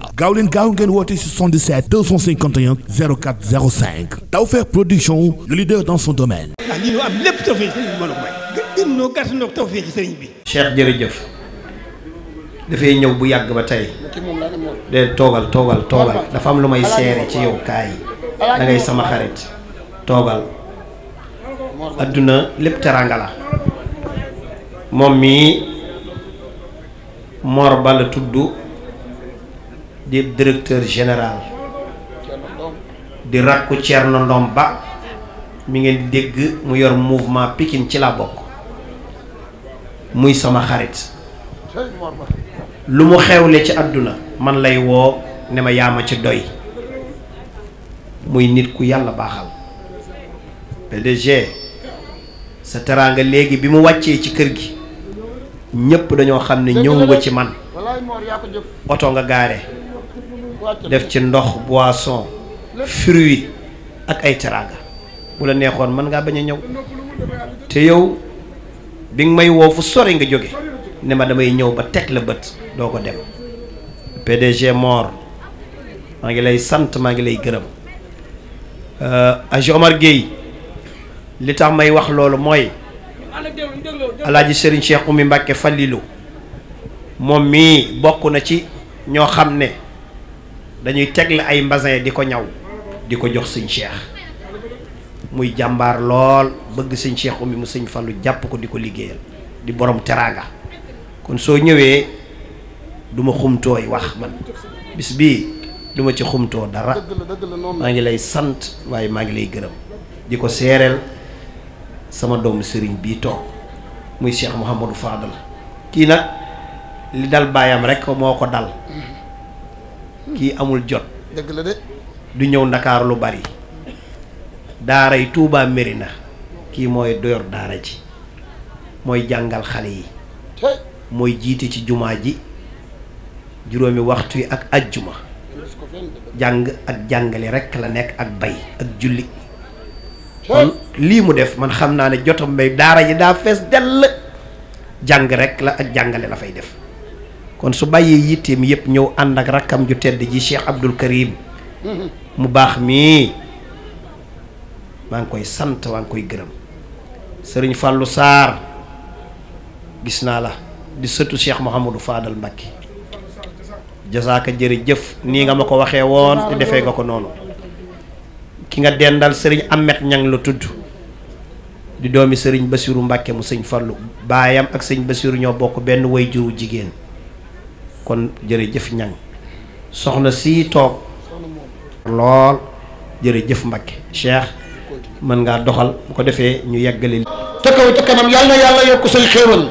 Dakar gaaw leen gaaw ngeen woote 77 251 04 05 Tawfekh Production le leader dans son domaine. ah lii ñu a may. gën ñoo gàtt ñoo jërëjëf ñëw bu yàgg ba tey toogal toogal toogal dafa am lu may seere ci yow kaay da sama xarit toogal àdduna lépp teranga la moom mii Mor Ba la tudd. di directeur général di rakku Thierno Ndom Ba mu ngeen dégg mu yor mouvement pikin ci laa bokk muy sama xarit lu mu xewle ci àdduna man lay woo ne ma yaa ma ci doy muy nit ku yàlla baaxal PDG sa teraanga léegi bi mu wàccee ci kër gi ñépp dañoo xam ne ñëw nga ci man oto nga gaare def ci ndox boisson fruit ak ay teraanga bu la neexoon mën ngaa bañ a ñëw te yow bi nga may woo fu sori nga jóge ne ma damay ñëw ba teg la bët doo ko dem PDG Mor maa ngi lay sant maa ngi lay gërëm euh, Aji Omar Gueye li tax may wax loolu mooy alaaji Serigne Cheikh Oumy Mbacke Fallilou moom mii bokk na ci ñoo xam ne dañuy tegle ay mbasin di ko ñaw di ko jox sëñ Cheikh muy jàmbaar lool bëgg sëñ Cheikh Oumy mu sëñ Fallou jàpp ko di ko liggéeyal di boroom teraanga kon soo ñëwee duma xumtooy wax man bis bii duma ci xumtoo dara maa ngi lay sant waaye maa ngi lay gërëm di ko seereel sama doomu sëriñ bii toog muy Cheikh Mouhamadou Fadal kii nag li dal baayam rekk moo ko dal kii amul jot. dëgg du ñëw ndakaar lu bari. daara yi Touba na kii mooy doyor daara ji mooy jàngal xale yi. mooy jiite ci jumaa ji juróomi waxtu yi ak ajjuma jàng ak jàngale rekk la nekk ak bay ak julli. kon lii mu def man xam naa ne jotam may daara ji daa fees dell jàng rekk la ak jàngale la fay def. kon su bàyyee yitteem yépp ñëw ànd ak rakkam ju tedd ji Cheikh Abdul Karim mu baax mii maa ngi koy sant maa ngi koy gërëm sëriñ Fallou saar gis naa la di sëtu Cheikh Mouhamadou Fadal Mbacke jasaaka jëf nii nga ma ko waxee woon te defee nga ko noonu ki nga dendal sëriñ Amet Ñang la tudd di doomi sëriñ Basiru Mbacke mu sëñ Fallou baayam ak sëñ Basiru ñoo bokk benn way juru jigéen kon jërëjëf ñang soxna sii toog lool jërëjëf Mbacke Cheikh mën ngaa doxal bu ko defee ñu yeggale te kaw te kanam yàlla na yàlla yokk say xéewal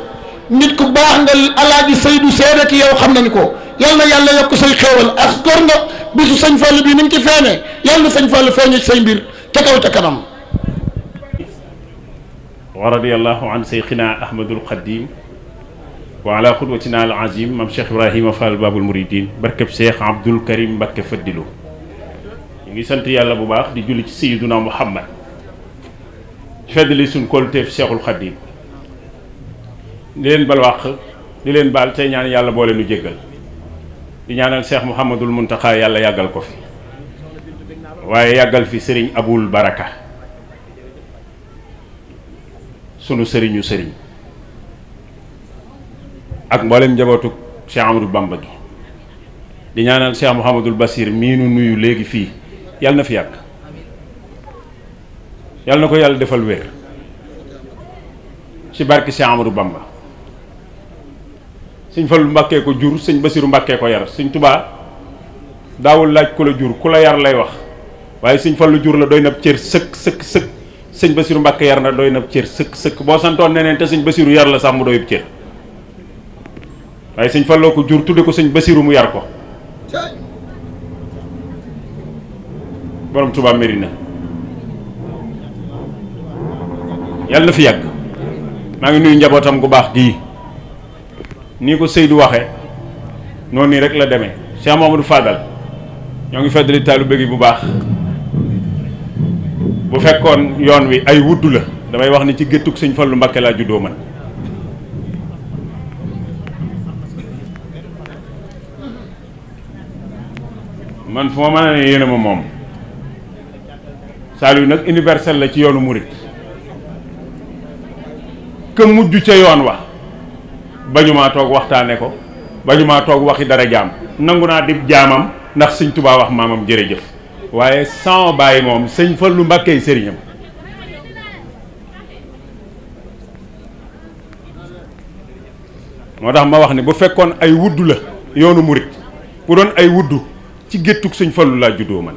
nit ku baax nga alaaji Seydou seede ki yow xam nañ ko yàlla na yàlla yokk say xéewal ak góor nga bisu sëñ Fall bii ni mu ci feeñee yàlla na sëñ Fall feeñee say mbir te kaw te kanam wa radiyallahu an seyxina ahmadul xadim wa ala xudwatina al azim maam Cheikh Ibrahima Fall Babul Mouridine barkeb Cheikh Abdoul Karim Mbacké Faddilu ñu ngi sant yàlla bu baax di julli ci Sayyiduna Muhammad feddali suñ kolteef Cheikhul Khadim di leen bal wàq di leen baal tey ñaan yàlla boole nu jéggal di ñaanal Cheikh Mouhamadul Muntaxa yàlla yàggal ko fi waaye yàggal fi sëriñ Abul Baraka sunu sëriñu sëriñ ak mboolem njabootu Cheikh Amadou Bamba gi di ñaanal Cheikh Mouhamadul Basir mii nu nuyu léegi fii yàlla na fi yàgg yàlla na ko yàlla defal wér ci barki Cheikh Amadou Bamba sëñ Fallu Mbàkkee ko jur sëñ Basiru Mbàkkee ko yar suñ Tubaa daawul laaj ku la jur ku la yar lay wax waaye sëñ Fallu jur la doy na cër sëkk sëkk sëkk sëñ Basiru Mbàkke yar na doy na cër sëkk sëkk boo santoon neneen te sëñ Basiru yar la sax mu doyub cër waaye sëñ faloo ko jur tudde ko sëñ Basiru mu yar ko borom Touba Mérina yàlla na fi yàgg maa ngi nuyu njabootam gu baax gii nii ko Seydou waxe noon nii rek la demee Cheikh Mamadou Fadal ñoo ngi feddali taalu gi bu baax bu fekkoon yoon wi ay wudd la damay wax ni ci géttug fal lu Mbakke laa ju man man fu ma mën a ne ma moom Saliou nag universel la ci yoonu murit ka mujj ca yoon wa bañu maa toog waxtaane ko bañu maa waxi dara jaam nangu naa di jaamam ndax sëñ Tuubaa wax maamam jërëjëf waaye sama bàyyi moom sëñ lu Mbàkke sëriñam moo tax ma wax ni bu fekkoon ay wudd la yoonu murit bu doon ay wudd ci géttug sëñ lu laa juddoo man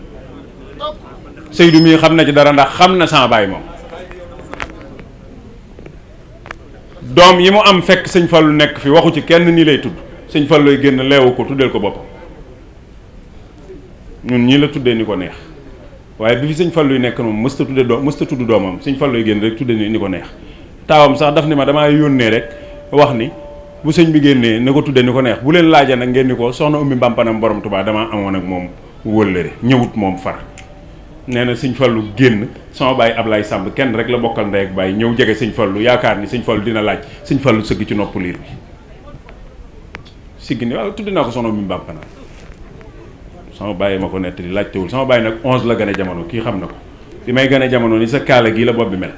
Seydou mii xam na ci dara ndax xam na sama baay moom doom yi mu am fekk sëñ Fallu nekk fi waxu ci kenn nii lay tudd sëñ Fallooy génn leewu ko tuddeel ko boppam ñun ñii la tuddee ni ko neex waaye bi fi fal Falluy nekk moom mësta tudde doom tudd doomam sëñ Fallooy génn rek tuddee ni ko neex taawam sax daf ni ma damaa yónnee rek wax ni bu sëñ bi génnee na ko tuddee ni ko neex bu leen laajee nag ngeen ni ko soxna ummi mbampanam borom Tuubaa damaa amoon ak moom wóllëre ñëwut moom far nee na sëñ fallu génn sama bàyyi Ablaye Samb kenn rek la bokkal ndey ak bàyyi ñëw jege sëñ lu yaakaar ni sëñ fallu dina laaj sëñ fallu sëgg ci nopp liir bi siggi ni waaw tudd naa ko soxna ummi mbampanam sama bàyyi ma ko nettali laajtewul sama bàyyi nag onze la gën jamono kii xam na ko bi may gën jamono ni sa kaala gii la bopp bi mel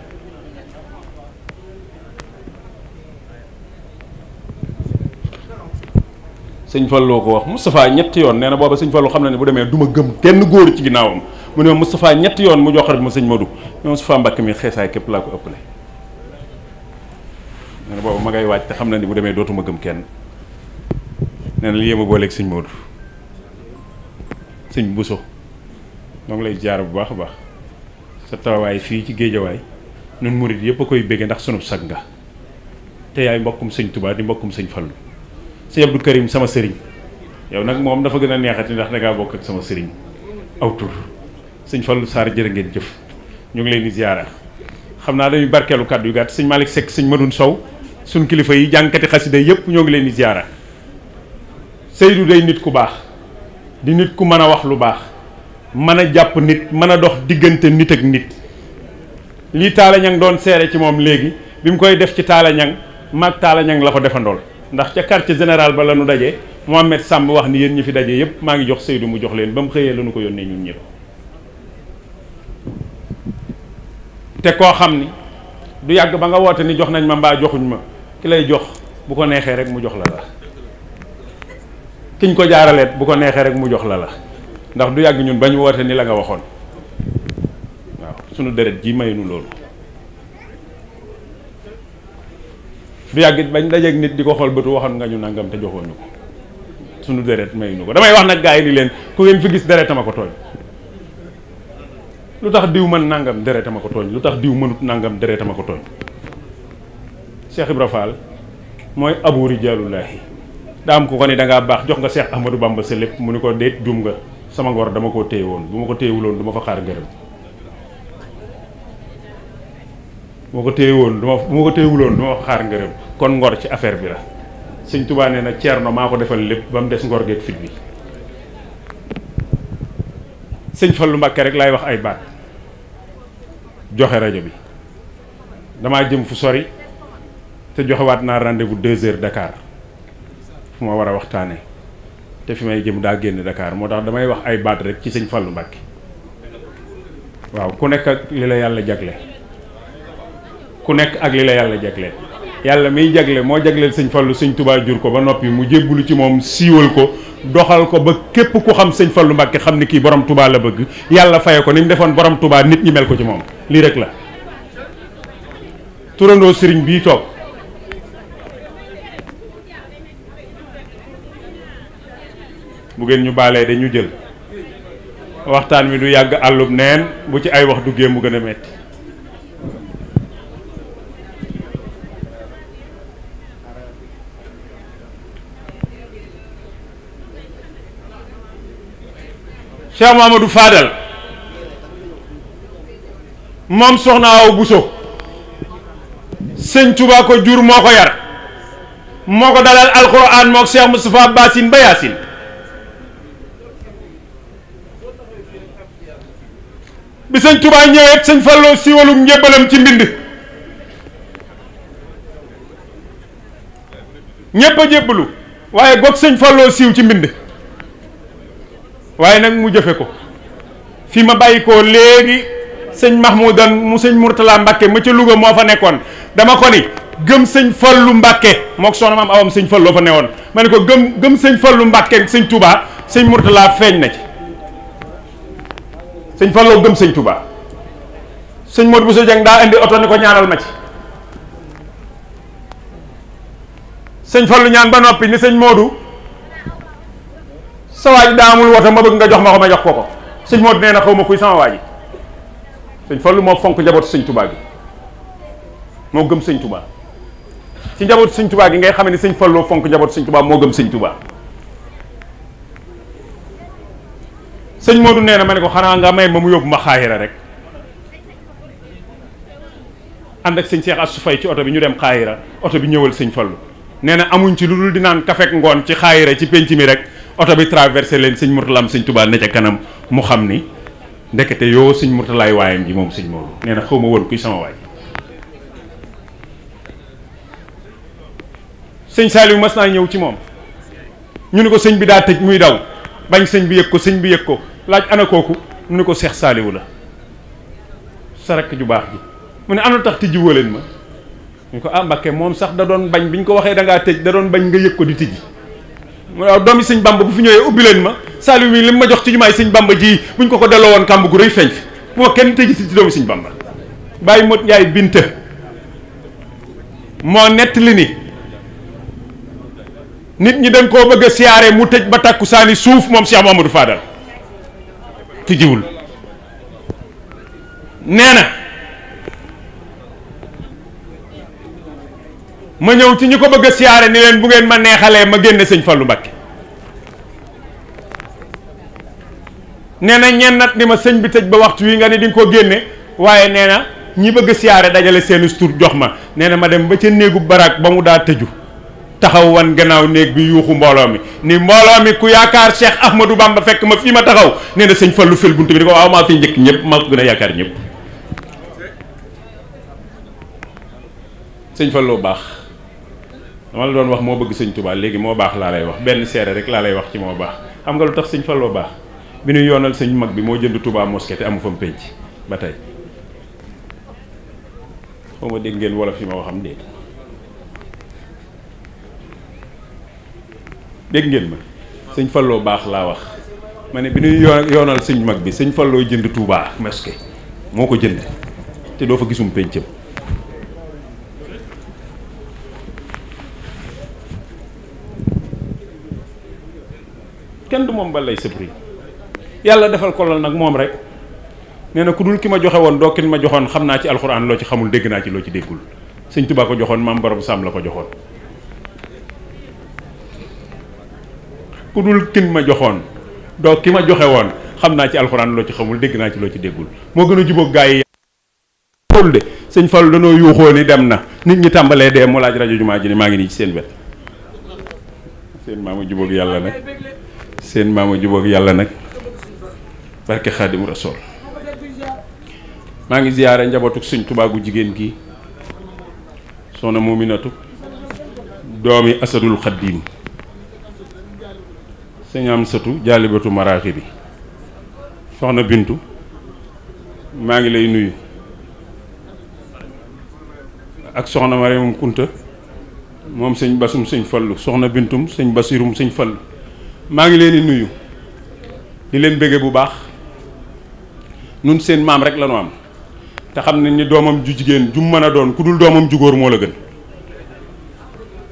sëñ Fallou ko wax Moustapha ñetti yoon nee na booba sëñ Fallou xam na ne bu demee du ma gëm kenn góor ci ginnaawam mu ne Moustapha ñetti yoon mu joxar ma sëñ Modou ñoom Moustapha Mbacké mi xeesaay képp laa ko ëppale nee na xam na ni bu demee dootuma gëm kenn nee na li yéema booleeg sëñ Modou sëñ Bousso moo ngi lay jaar bu baax a baax sa tawaay fii ci géejawaay nun murit yëpp a koy béggee ndax sunub sag nga te yaay mbokkum sëñ Touba di mbokkum sëñ Fallou sëñ Abdou Karim sama sëriñ yow nag moom dafa gën a neexati ndax dangaa bokk ak sama sëriñ aw tur sëñ Fallou Sarr jërë ngeen jëf ñoo ngi leen di ziara xam naa dañuy barkeelu kàddu yu gàtt sëñ Malick Seck sëñ Madoun Sow suñ kilifa yi jànkati xasida yëpp ñoo ngi leen di ziara Seydou day nit ku baax di nit ku mën a wax lu baax mën a jàpp nit mën a dox diggante nit ak nit lii Talla Niang doon seere ci moom léegi bi mu koy def ci Talla Niang maag Talla Niang la ko defandool ndax ca quartier général ba la ñu daje Mohamed Samb wax ni yéen ñi fi daje yëpp maa ngi jox Seydou mu jox leen ba mu xëyee la ñu ko yónnee ñun ñëpp. te koo xam ni du yàgg ba nga woote ni jox nañ ma mbaa joxuñ ma ki lay jox bu ko neexee rek mu jox la la kiñ ko jaaraleet bu ko neexee rek mu jox la la ndax du yàgg ñun ba ñu woote ni la nga waxoon waaw sunu deret ji maynu loolu. du yàgg bañ dajeeg nit di ko xool bëtu waxoon nga ñu nangam te joxoon ñu ko suñu deret mayuñu ko damay wax nag gaa yi di leen ku ngeen fi gis deretama ko tooñ lu tax diw mën nangam deretama ko tooñ lu tax diw mënut nangam deretama ko tooñ Cheikh Ibra Fall mooy abu rijaalullaahi daa am ku ko ne da ngaa baax jox nga Cheikh Ahmadou Bamba sa lépp mu ni ko déet jum nga sama ngor dama ko téye woon bu ma ko téyewuloon duma ma fa xaar ngërëm moo ko téye woon duma bu ma ko téyewuloon duma wax xaar ngërëm kon ngor ci affaire bi la sëñ Tuubaa nee na Ceerno maa ko defal lépp ba mu des ngor geeg fit bi sëñ Fallu Mbàkke rek laay wax ay baat joxe rajo bi damaa jëm fu sori te joxewaat naa rendez bu deux heures Dakar fu ma war a waxtaane te fi may jëm daa génn Dakar moo tax damay wax ay baat rek ci sëñ Fallu Mbàkke waaw ku nekk ak li la yàlla jagle ku nekk ak li la yàlla jagleel yàlla miy jagle moo jagleel sëñ Fallu sëñ Tuubaa jur ko ba noppi mu jébbalu ci moom siiwal ko doxal ko ba képp ku xam sëñ Fallu Mbàkke xam ni kii borom Tuubaa la bëgg yàlla faye ko ni mu defoon borom Tuubaa nit ñi mel ko ci moom lii rek la turandoo sëriñ bii toog bu ngeen ñu baalee dañu jël waxtaan wi du yàgg àllub neen bu ci ay wax duggee mu gën a metti Cheikh Mamadou Fadal moom soxna Awa Bousso sëñ Tuba ko jur moo ko yar moo ko dalal alquran mook Cheikh Moustapha Bassine ba Yaasin bi sëñ Tuba ñëwee sëñ Fallou siwalum njébbalam ci mbind ñépp a jébbalu waaye goog sëñ Fallou siiw ci mbind waaye nag mu jëfe ko fi ma bàyyi ko léegi sëñ Mahmoudan mu sëñ Mourtala mbakke ma ca Louga moo fa nekkoon dama ko ni gëm sëñ Fallu Mbacke mook soxna maam awam sëñ Fallu fa woon ma ne ko gëm gëm sëñ lu Mbacke sëñ Touba sëñ Mourtala feeñ na ci sëñ Fallou gëm sëñ Touba sëñ Modou Bousso Dieng daa indi oto ni ko ñaanal ma ci sëñ Fallou ñaan ba noppi ni sëñ Modou sa waa ji daa amul woto ma bëgg nga jox ma ko ma jox ko ko sëñ Modou nee na xaw ma kuy sama waa ji sëñ Fallu moo fonk njabootu sëñ Touba gi moo gëm sëñ Touba ci njabootu sëñ gi ngay xam ne sëñ Fallu fonk njabootu sëñ moo gëm sëñ Touba sëñ Modou nee na ma ne ko xanaa nga may ma mu yóbbu ma xaayira rek ànd ak sëñ Cheikh Assou Faye ci oto bi ñu dem xaayira oto bi ñëwal sëñ Fallu nee na amuñ ci lu dul di naan kafek ngoon ci xaayira ci penc mi rek. oto bi traversé leen sëñ Mourtala am sëñ Touba ne ca kanam mu xam ni ndekete yoo sëñ Mourtalaay waayam ji moom sëñ Maodo nee na xaw ma woon kuy sama waay. sëñ ñëw ci moom ñu ne ko sëñ bi daa tëj muy daw bañ sëñ bi yëg ko sëñ bi yëg ko laaj ana kooku mu ni ko Seex Saliou la sa ju baax ji mu ne am na tax tijji woo leen ma ñu ko ah Mbàkke moom sax da doon bañ bi ñu ko waxee da ngaa tëj da doon bañ nga yëg ko di tijji. waaw doomi sëñ bamba bu fi ñëwee ubbi leen ma Saliou mi li ma jox ci jumaay sëñ bamba ji buñ ko ko delloo woon kàmb gu rëy feeñ fi bu ma kenn tëj si ci doomi sëñ bamba bàyyi mot yaay bint moo nett li ni nit ñi dañ koo bëgg a mu tëj ba tàkku saani suuf moom si Cheikh Mamadou Fadal tëjiwul nee na ma ñëw ci ñi ko bëgg a siyaare ni leen bu ngeen ma neexalee ma génne sëñ Fallou Mbacké nee na nag ni ma sëñ bi tëj ba waxtu wi nga ne di nga ko génne waaye nee na ñi bëgg a siyaare dajale seen tur jox ma nee na ma dem ba ca néegu barak ba mu daa tëju taxaw wan gannaaw néeg bi yuuxu mbooloo mi ni mbooloo mi ku yaakaar Cheikh baam ba fekk ma fii ma taxaw nee na sëñ Fallou fël bunt bi ni ko waaw maa fi njëkk ñëpp maa ko gën a yaakaar ñëpp baax dama la doon wax moo bëgg sëñ Touba léegi moo baax laa lay wax benn seere rek laa lay wax ci moo baax xam nga lu tax sëñ Fallou baax bi ñu yoonal sëñ mag bi moo jënd Touba mosquée te amu fa mu penc tey xaw dégg ngeen wolof yi ma waxam déet dégg ngeen ma sëñ Fallou baax laa wax ma ne bi ñuy yoonal sëñ mag bi sëñ Fallou jënd tuubaa mosquée moo ko jënd te doo fa gisum pencam kenn du moom ba lay sëbri yàlla defal ko lool nag moom rek nee na ku dul ki ma joxe woon doo kin ma joxoon xam naa ci alxuraan loo ci xamul dégg naa ci loo ci déggul sëñ Tuubaa joxoon maam borom Sàmm la ko joxoon. ku dul kin ma joxoon ki ma joxe woon xam naa ci alxuraan loo ci xamul dégg naa ci loo ci déggul moo gën a jubóog gaa yi. loolu de sëñ Fall danoo yuuxoo ni dem na nit ñi tàmbalee dee mu laaj rajo jumaa ji ne maa ngi nii ci seen wet seen maamu jubóog yàlla nag. seen maama jubóog yàlla nag barke xaadim rasool maa ngi ziyaare njabootuk suñ tubaagu jigéen gi soxna muminatu doomi asadul xaddiim sëñ am satu jaalibatu maraaxi bi soxna bintu maa ngi lay nuyu ak soxna mareemum kunta moom sëñ basum sëñ fal soxna bintum sëñ basirum sëñ fallu maa ngi leen di nuyu di leen bëgge bu baax nun seen maam rek la am te xam nañ ni doomam ju jigéen ju mën a doon ku dul doomam jugóor góor moo la gën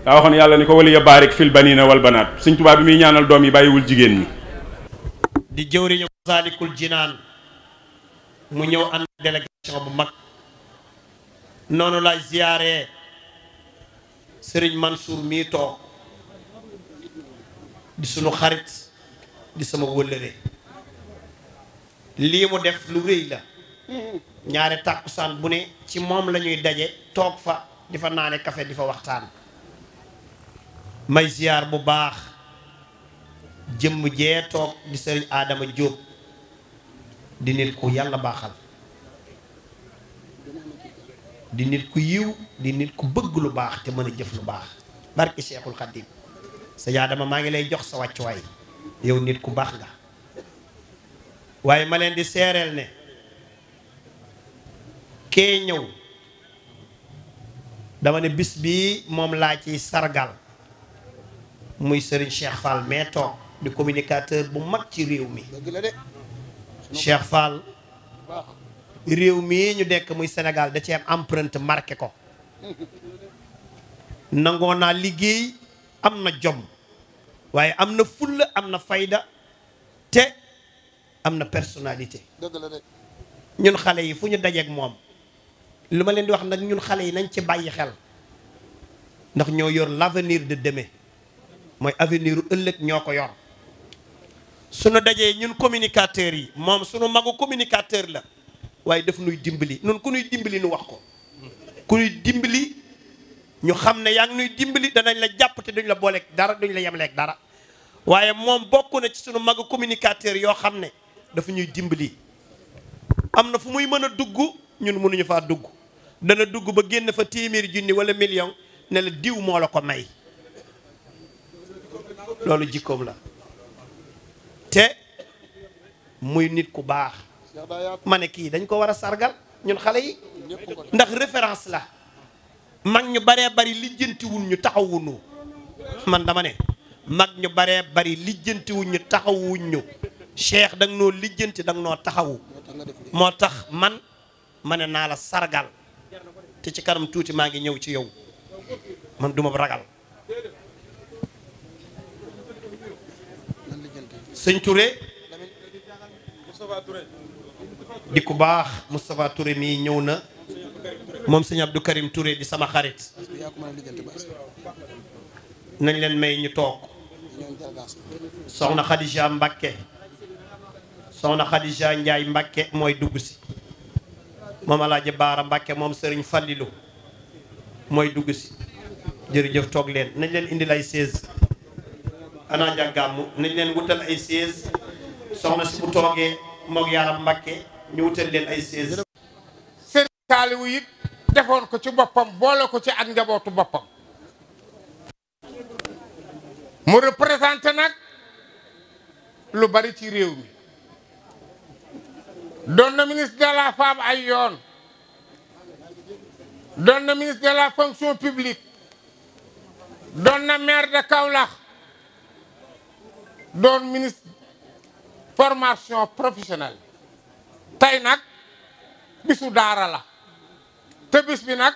daa waxoon yàlla ni ko wali ya baarik fil banina wal banaat Sëñ Tuubaa bi muy ñaanal doom yi bàyyiwul jigéen ñi di jëwriñu Masaalikul Jinaan mu ñëw ànd délégation bu mag noonu laay ziyaare Sëriñ Mansour mii toog di sunu xarit di sama wëllëre lii mu def lu rëy la ñaari tàkkusaan bu ne ci moom lañuy daje toog fa di fa naane kafe di fa waxtaan may ziyaar bu baax jëmm jee toog di sëriñ Adama Diop di nit ku yàlla baaxal di nit ku yiw di nit ku bëgg lu baax te mën a jëf lu baax barki Cheikhul Khadim sëñ Adama maa ngi lay jox sa wàccuwaay yow nit ku baax nga waaye ma leen di seereel ne kee ñëw dama ne bis bi moom laa ci sargal muy Serigne Cheikh Fall mais toog di communicateur bu mag ci réew mi Cheikh Fall réew mi ñu dekk muy senegal da ci am empreinte ko nangoo naa liggéey am na jom waaye am na fulla am na fayda te am na personnalité ñun xale yi fu ñu dajeek moom lu ma leen di wax nag ñun xale yi nañ ci bàyyi xel ndax ñoo yor l'avenir de demain mooy avenir ëllëg ñoo ko yor suñu dajee ñun communicateurs yi moom suñu magu communicateur la waaye def nuy dimbali nun ku nuy dimbali nu wax ko ku nuy dimbali ñu xam ne yaa ngi nuy dimbali danañ la jàpp te duñ la booleeg dara duñ la yemleeg dara waaye moom bokk na ci suñu mag communicateur yoo xam ne dafa ñuy dimbali am na fu muy mën a dugg ñun mënuñu faa dugg dana dugg ba génn fa téeméeri junni wala million ne la diw moo la ko may loolu jikkoom la te muy nit ku baax ma ne kii dañ ko war a sargal ñun xale yi ndax référence la mag ñu baree bari lijjantiwul ñu taxawuñu man dama ne mag ñu baree bari lijjantiwuñ ñu taxawuñ ñu cheikh da noo lijjanti da nga noo taxawu moo tax man ma ne naa la sargal te ci kanam tuuti maa ngi ñëw ci yow man duma ragal sëñ Touré di ku baax Moustapha Touré mii ñëw na moom sëñ Abdou Karim ture di sama xarit nañ leen may ñu toog soxna Khadija Mbakke soxna Khadija Njaay Mbakke mooy dugg si moom Alaaji Baara Mbakke moom Sëriñ Fallilu mooy dugg si jërëjëf toog leen nañ leen indil ay seize ana jàggaamu nañ leen wutal ay seize soxna si bu toogee moog Yaaram Mbakke ñu wutal leen ay seize saaliwu it defoon ko ci boppam boole ko ci ak njabootu boppam mu représenté nag lu bari ci réew mi doon na ministre de la femme ay yoon doon na ministre de la fonction publique doon na maire de Kaolack doon ministre formation professionnelle tey nag bisu daara la te bis bi nag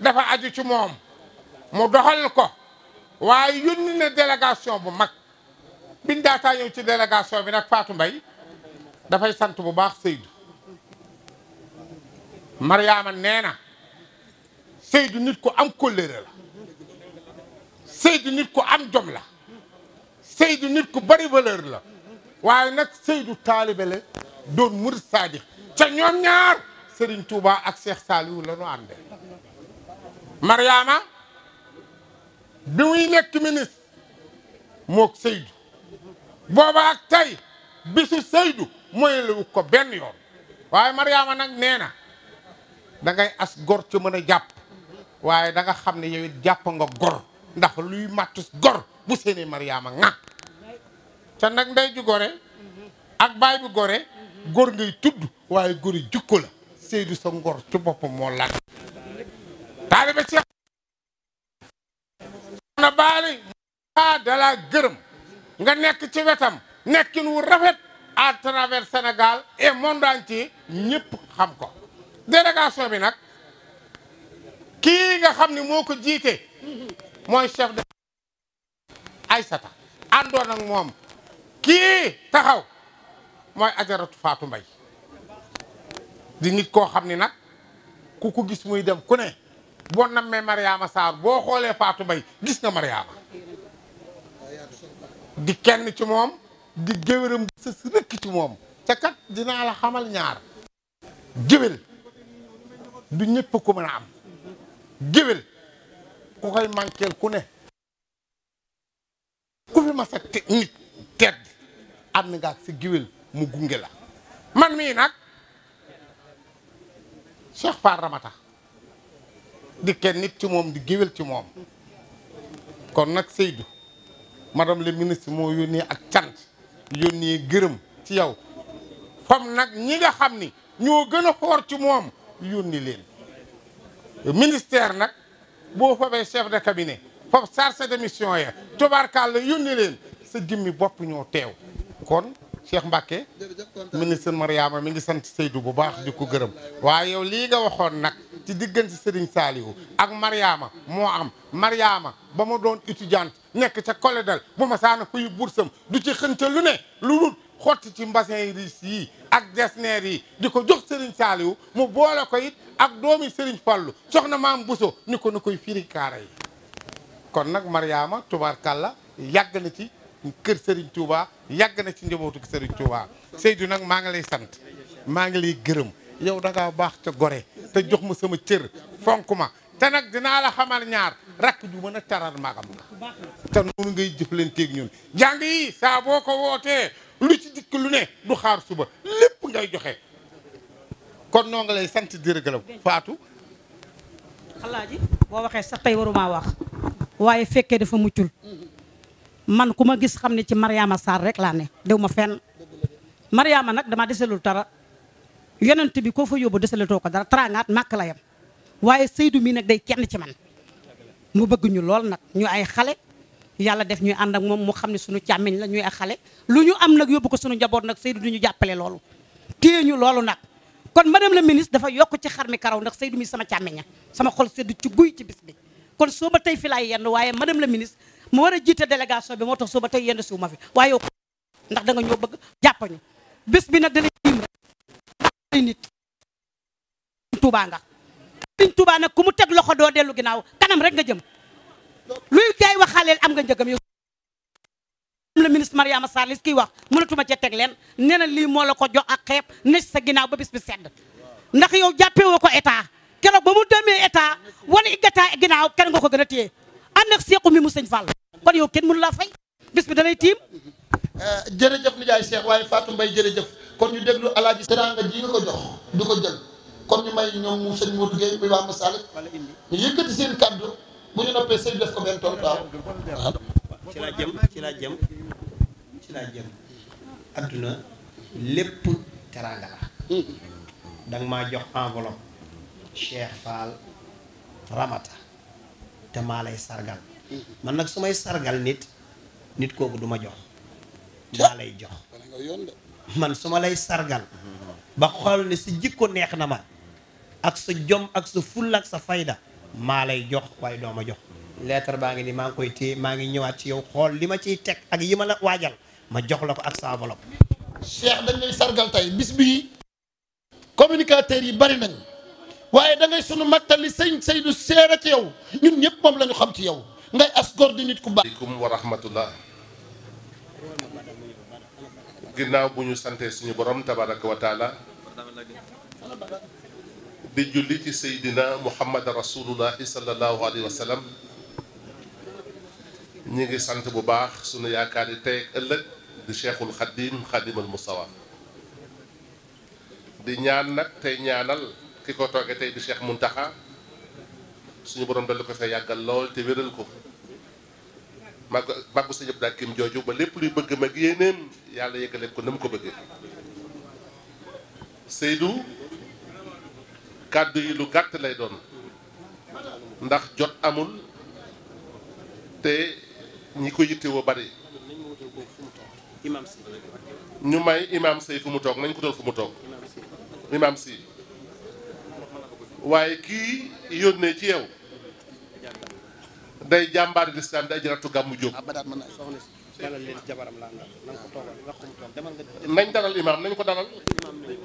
dafa aju ci moom mu doxal ko waaye yónni na délégation bu mag biñ daataa ñëw ci délégation bi nag Fatou mbay dafay sant bu baax Seydou Mariama nee na Seydou nit ku am kóllëre la Seydou nit ku am jom la Seydou nit ku bari valeur la waaye nag Seydou taalibe la doon murid ca ñoom ñaar Serigne Touba ak Cheikh Saliou la ñu ànde Mariama bi muy nekk ministre mook Seydou booba ak tey bisu Seydou mooy lu ko benn yoon waaye Mariama nag nee na dangay as gor ci mën a jàpp waaye danga xam ne yow it jàpp nga gor ndax luy màttus gor bu seeni Mariama nga te nag ndey ju gore ak baay bu gore góor ngay tudd waaye góori jukko la Seydou sa ngor ci boppam moo làkk taalibe Cheikh na baali a dala gërëm nga nekk ci wetam nekkin wu rafet à travers Sénégal et monde entier ñëpp xam ko délégation bi nag kii nga xam ne moo ko jiite mooy chef de Aïssata àndoon ak moom kii taxaw mooy ajaratu Fatou Mbaye di nit koo xam ni nag ku ko gis muy dem ku ne boo nammee Mariama Sarr boo xoolee Fatou Mbaye gis nga Mariama di kenn ci moom di géwéram sës rëkk ci moom te kat dinaa la xamal ñaar géwél du ñëpp ku mën a am géwél ku koy manqueel ku ne ku fi mas a nit tedd ànd nga ak sa géwél mu gunge la man mii nag Cheikh Paar Ramata di kenn nit ci moom di géwél ci moom kon nag Seydou madame le ministre moo yónnee ak cant yónnee gërëm ci yow fam nag ñi nga xam ni ñoo gën a xoor ci moom yónni leen ministère nag boo fabee chef de cabinet fab chargé de mission ya tubaarkaal la yónni leen sa jëmmi bopp ñoo teew kon Cheikh Mbacke ministre Mariama mi ngi sant seydu bu baax di ko gërëm waaye yow lii nga waxoon nag ci diggante Serigne Saliou ak Mariama moo am Mariama ba ma doon étudiante nekk ca collège dal bu ma saana kuy bursam du ci xënte lu ne lu dul xotti ci mbasin riis yi ak desneer yi di ko jox Serigne Saliou mu boole ko it ak doomi Serigne Fallou soxna maam Bousso ni ko na koy firi kaara yi kon nag Mariama tubaarkàlla yàgg na ci kër Serigne Touba yàgg na ci njabootu Serigne Touba Seydou nag maa ngi lay sant maa ngi lay gërëm yow da ngaa baax ca gore te jox ma sama cër fonk ma te nag dinaa la xamal ñaar rakk ju mën a taral magam la te noonu ngay jëflanteeg ko wootee lu xaar suba lépp ngay joxe kon noo ngi lay sant di gërëm Fatou Alaaji boo waaye fekkee dafa muccul man ku ma gis xam ne ci Mariama Sarr rek laa ne dew ma fenn Mariama nag dama deselul dara yonent bi koo fa yóbbu deselatoo ko dara trangaat màkk la yam waaye Seydou mii nag day kenn ci man mu bëgg ñu lool nag ñu ay xale yàlla def ñuy ànd ak moom mu xam ne suñu càmmiñ la ñuy ay xale lu ñu am nag yóbbu ko suñu njaboot nag Seydou du ñu jàppale loolu téye ñu loolu nag kon madame la ministre dafa yokk ci xar mi karaw ndax Seydou mi sama càmmiña sama xol sedd ci guy ci bis bi kon soo ma war a jiite délégation bi moo tax suba tey yenn suuma fi waaye yow ndax da nga ñoo bëgg jàpp ñu bés bi nag dana jiim rek nga Sëriñ Tuubaa nag ku mu teg loxo doo dellu ginnaaw kanam rek nga jëm luy jaay waxaaleel am nga njëgam yow am la ministre Mariama Salis kiy wax mënatuma ca teg leen nee na lii moo la ko jox ak xeeb ne sa ginaaw ba bis bi sedd ndax yow jàppewoo ko état keroog ba mu demee état wane i gata ginnaaw nga ko gën a téye ànd ak seequ mi mu sëñ fàll kon yow kenn mënu laa fay bis bi danay tiim. Eh, jërëjëf nijaay Cheikh waaye Fatou mbay jërëjëf kon ñu déglu alaaji teraanga ji nga ko jox du ko jël kon ñu may ñoom mu sëñ Modou Gueye muy waa Masalik ñu yëkkati seen kàddu bu ñu noppee sëñ def ko benn tool waaw waaw ci laa jëm ci laa jëm ci laa adduna lépp teraanga la danga maa jox enveloppe Cheikh Fall Ramata te maa lay sargal man nag su may sargal nit nit kooku du ma jox maa lay jox man su ma lay sargal ba xool ne sa jikko neex na ma ak sa jom ak sa fulla ak sa fayda maa lay jox waaye doo ma jox leetar baa ngi ni maa ngi koy téye maa ngi ñëwaat ci yow xool li ma ciy teg ak yi ma la waajal ma jox la ko ak sa enveloppe cheikh dañ lay sargal tey bis bi communicateurs yi bari nañ waaye da ngay sunu mattali sëñ Seydou seere ci yow ñun ñëpp moom la xam ci yow ngay as góor di nit ku baax. aleykum wa rahmatullah ginnaaw bu ñu santee suñu borom tabaraka wa taala di julli ci seydina muhammad rasulullahi sallallahu alayhi wa ñi ngi sant bu baax suñu yaakaar yi tey ëllëg di cheikhul xadim xadimal mustawa di ñaan nag tey ñaanal ki ko tooge tey di cheikh muntaxa suñu borom dal di ko fay yàggal lool te wéral ko mag màggu sa yëpp daal jooju ba lépp luy bëgg mag yéenéem yàlla yëggale ko na mu ko bëggee Seydou kàddu yi lu gàtt lay doon ndax jot amul te ñi ko yittewoo bari ñu may imaam Sey fu mu toog nañ ko toog fu mu toog imaam si waaye kii yónnee ci yow day jàmbaar lislaam day jaratu gàmmu jóg. Ah, nañ dalal imaam nañ ko dalal.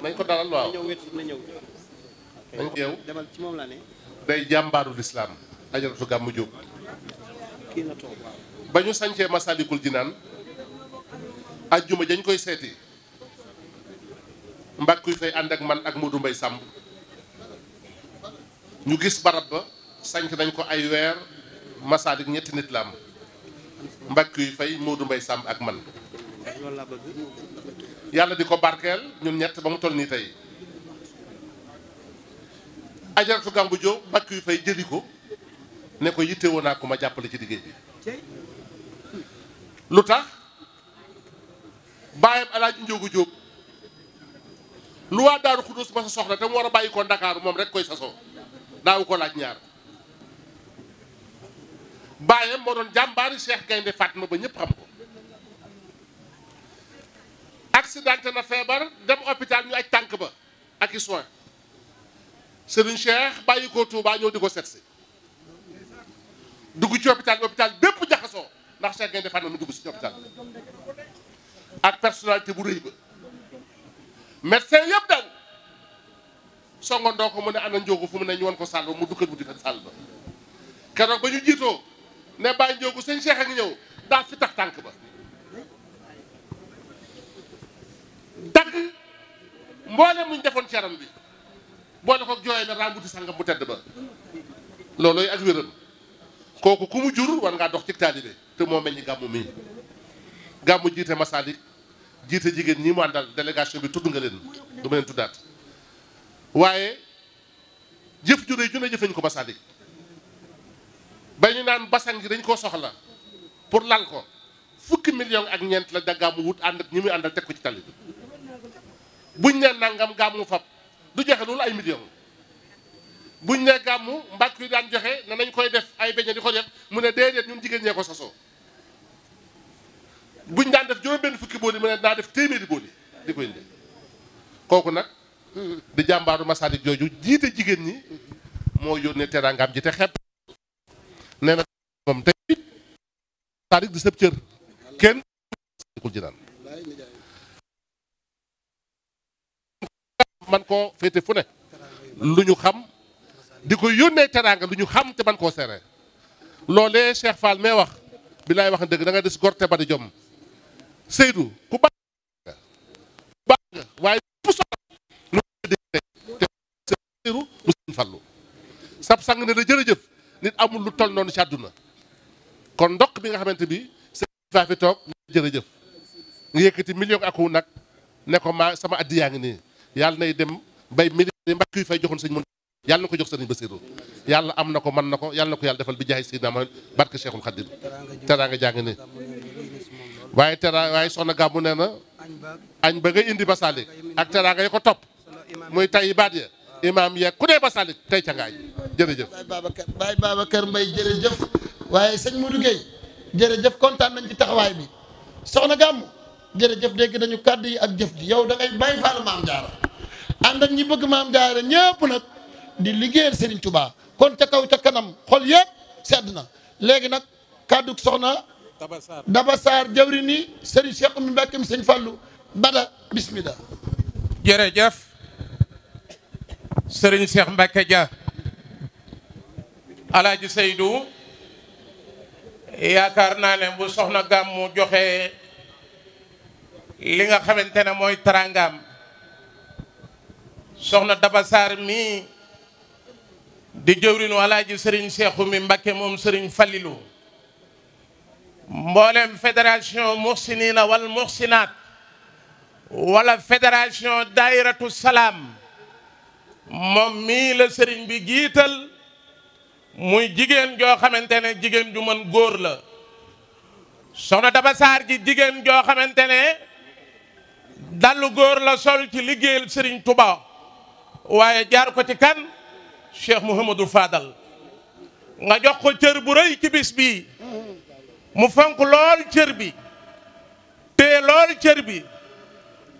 nañ ko dalal waaw. nañ ko yow. day jàmbaaru lislaam day jaratu gàmmu jóg. ba ñu sancee Masalikul Jinaan ajjuma dañ koy seeti mbàkk yu fay ànd ak man ak Modou Mbaye Samb. ñu gis barab ba sanc nañ ko ay weer masaadik ñetti nit la am mbàkk yu fay Modou Mbaye Samb ak man yàlla di ko barkeel ñun ñett ba mu toll nii tey ajaratu gàmbu joo mbàkk yu fay jëli ko ne ko yittewoo naa ko ma jàppale ci liggéey bi lu tax bàyyam alaaji njóogu jóob lu waa daaru xudus ma sa soxla te mu war a bàyyi ko ndakaaru moom rek koy sasoo daaw ko laaj ñaar baayam moo doon jàmbaari Cheikh Gaynde Fatma ba ñëpp xam ko accidenté na feebar dem hôpital ñu aj tànk ba ak i soin Serigne Cheikh bàyyi ko Touba ñëw di ko seet si dugg ci hôpital hôpital bépp jaxasoo ndax Cheikh Gaynde Fatma mu dugg ci hôpital ak personnalité bu rëy ba médecin yëpp daal songandoo ko mu ne am ana njóogu fu mu ne ñu won ko sàll ba mu dukkat wuti fen sàll ba keroog ba ñu jiitoo ne bàyyi njóogu sëñ Cheikh ak ñëw daa fi tax tànk ba dagg mboolem muñ defoon ceram bi boole ko jooy na rambuti sangam bu tedd ba loolooyu ak wéram kooku ku mu jur war ngaa dox ci taalibe te moo mel ni gàmmu mii gàmmu jiite Masalik jiite jigéen ñi mu àndal délégation bi tudd nga leen du ma leen tuddaat waaye jëf jure ju ne jëfeñ ko basaadik ba ñu naan basan gi dañ koo soxla pour lal ko fukki million ak ñeent la daggaam wut ànd ak ñi muy àndal teg ko ci tali bi buñ ne nangam gàmmu fab du joxe loolu ay million buñ ne gàmmu mbàkk yi daan joxe ne nañ koy def ay beñe di ko def mu ne déedéet ñun jigéen ñee ko sasoo buñ daan def juróom benn fukki booli mu ne naa def téeméeri booli di ko indi nag di jàmbaaru Masalik jooju jiite jigéen ñi moo yónnee teraangaam ji te xepp nee na moom te di sëb kenn kul ji naan man koo féete fu ne lu ñu xam di ko yónnee teraanga lu ñu xam te man koo sere loolee Cheikh Fall mee wax bi lay wax dëgg da nga dis gorte ba di jom Seydou ku baax waaye sab sang ne la jërëjëf nit amul lu toll noonu ci àdduna kon ndokk bi nga xamante bi sëñ fi toog jërëjëf nga yëkkati million aku nag ne maa sama addi yaa ngi nii yàlla nay dem bay million mbaa kuy fay joxoon sëñ mën yàlla na ko jox sëriñ Basiru yàlla am na ko mën na ko yàlla na ko yàlla defal bi jaay Seydina Muhammad barke Cheikhul Khadim teraanga jàng nii waaye teraa waaye soxna gàmmu nee na añ ba nga indi ba saalik ak teraanga ya ko topp muy tay baat ya imaam yeeg ku dee ba sàllit tey ca ngaay jërëjëf baay Babacar baay Babacar Mbaye jërëjëf waaye sëñ Modou Gueye jërëjëf kontaan nañ ci taxawaay bi soxna gàmm jërëjëf dégg nañu kàddu yi ak jëf ji yow da ngay bàyyi faal maam jaara ànd ak ñi bëgg maam jaara ñëpp nag di liggéeyal Serigne Touba kon ca kaw ca kanam xol yëpp sedd na léegi nag kàddu soxna Daba Sarr jawri ni Serigne Cheikh mi mbekkim Serigne Fallou bada bismillah sëriñ Cheikh Mbacke Dia alaaji Seydou yaakaar naa ne bu soxna gàmmu joxe li nga xamante ne mooy tarangaam soxna Daba Sarr mii di jëwrinu alaaji sëriñ Cheikhu mi Mbacke moom sëriñ Falilou mboolem fédération muxsinina wal muxsinaat wala fédération dairatu salaam moom mii la sëriñ bi jiital muy jigéen joo xamante ne jigéen ju mën góor la soxna Daba Sarr ji jigéen joo xamante ne dallu góor la sol ci liggéeyal sëriñ Touba waaye jaar ko ci kan Cheikh Mouhamadou Fadal nga jox ko cër bu rëy ci bis bii mu fonk lool cër bi te lool cër bi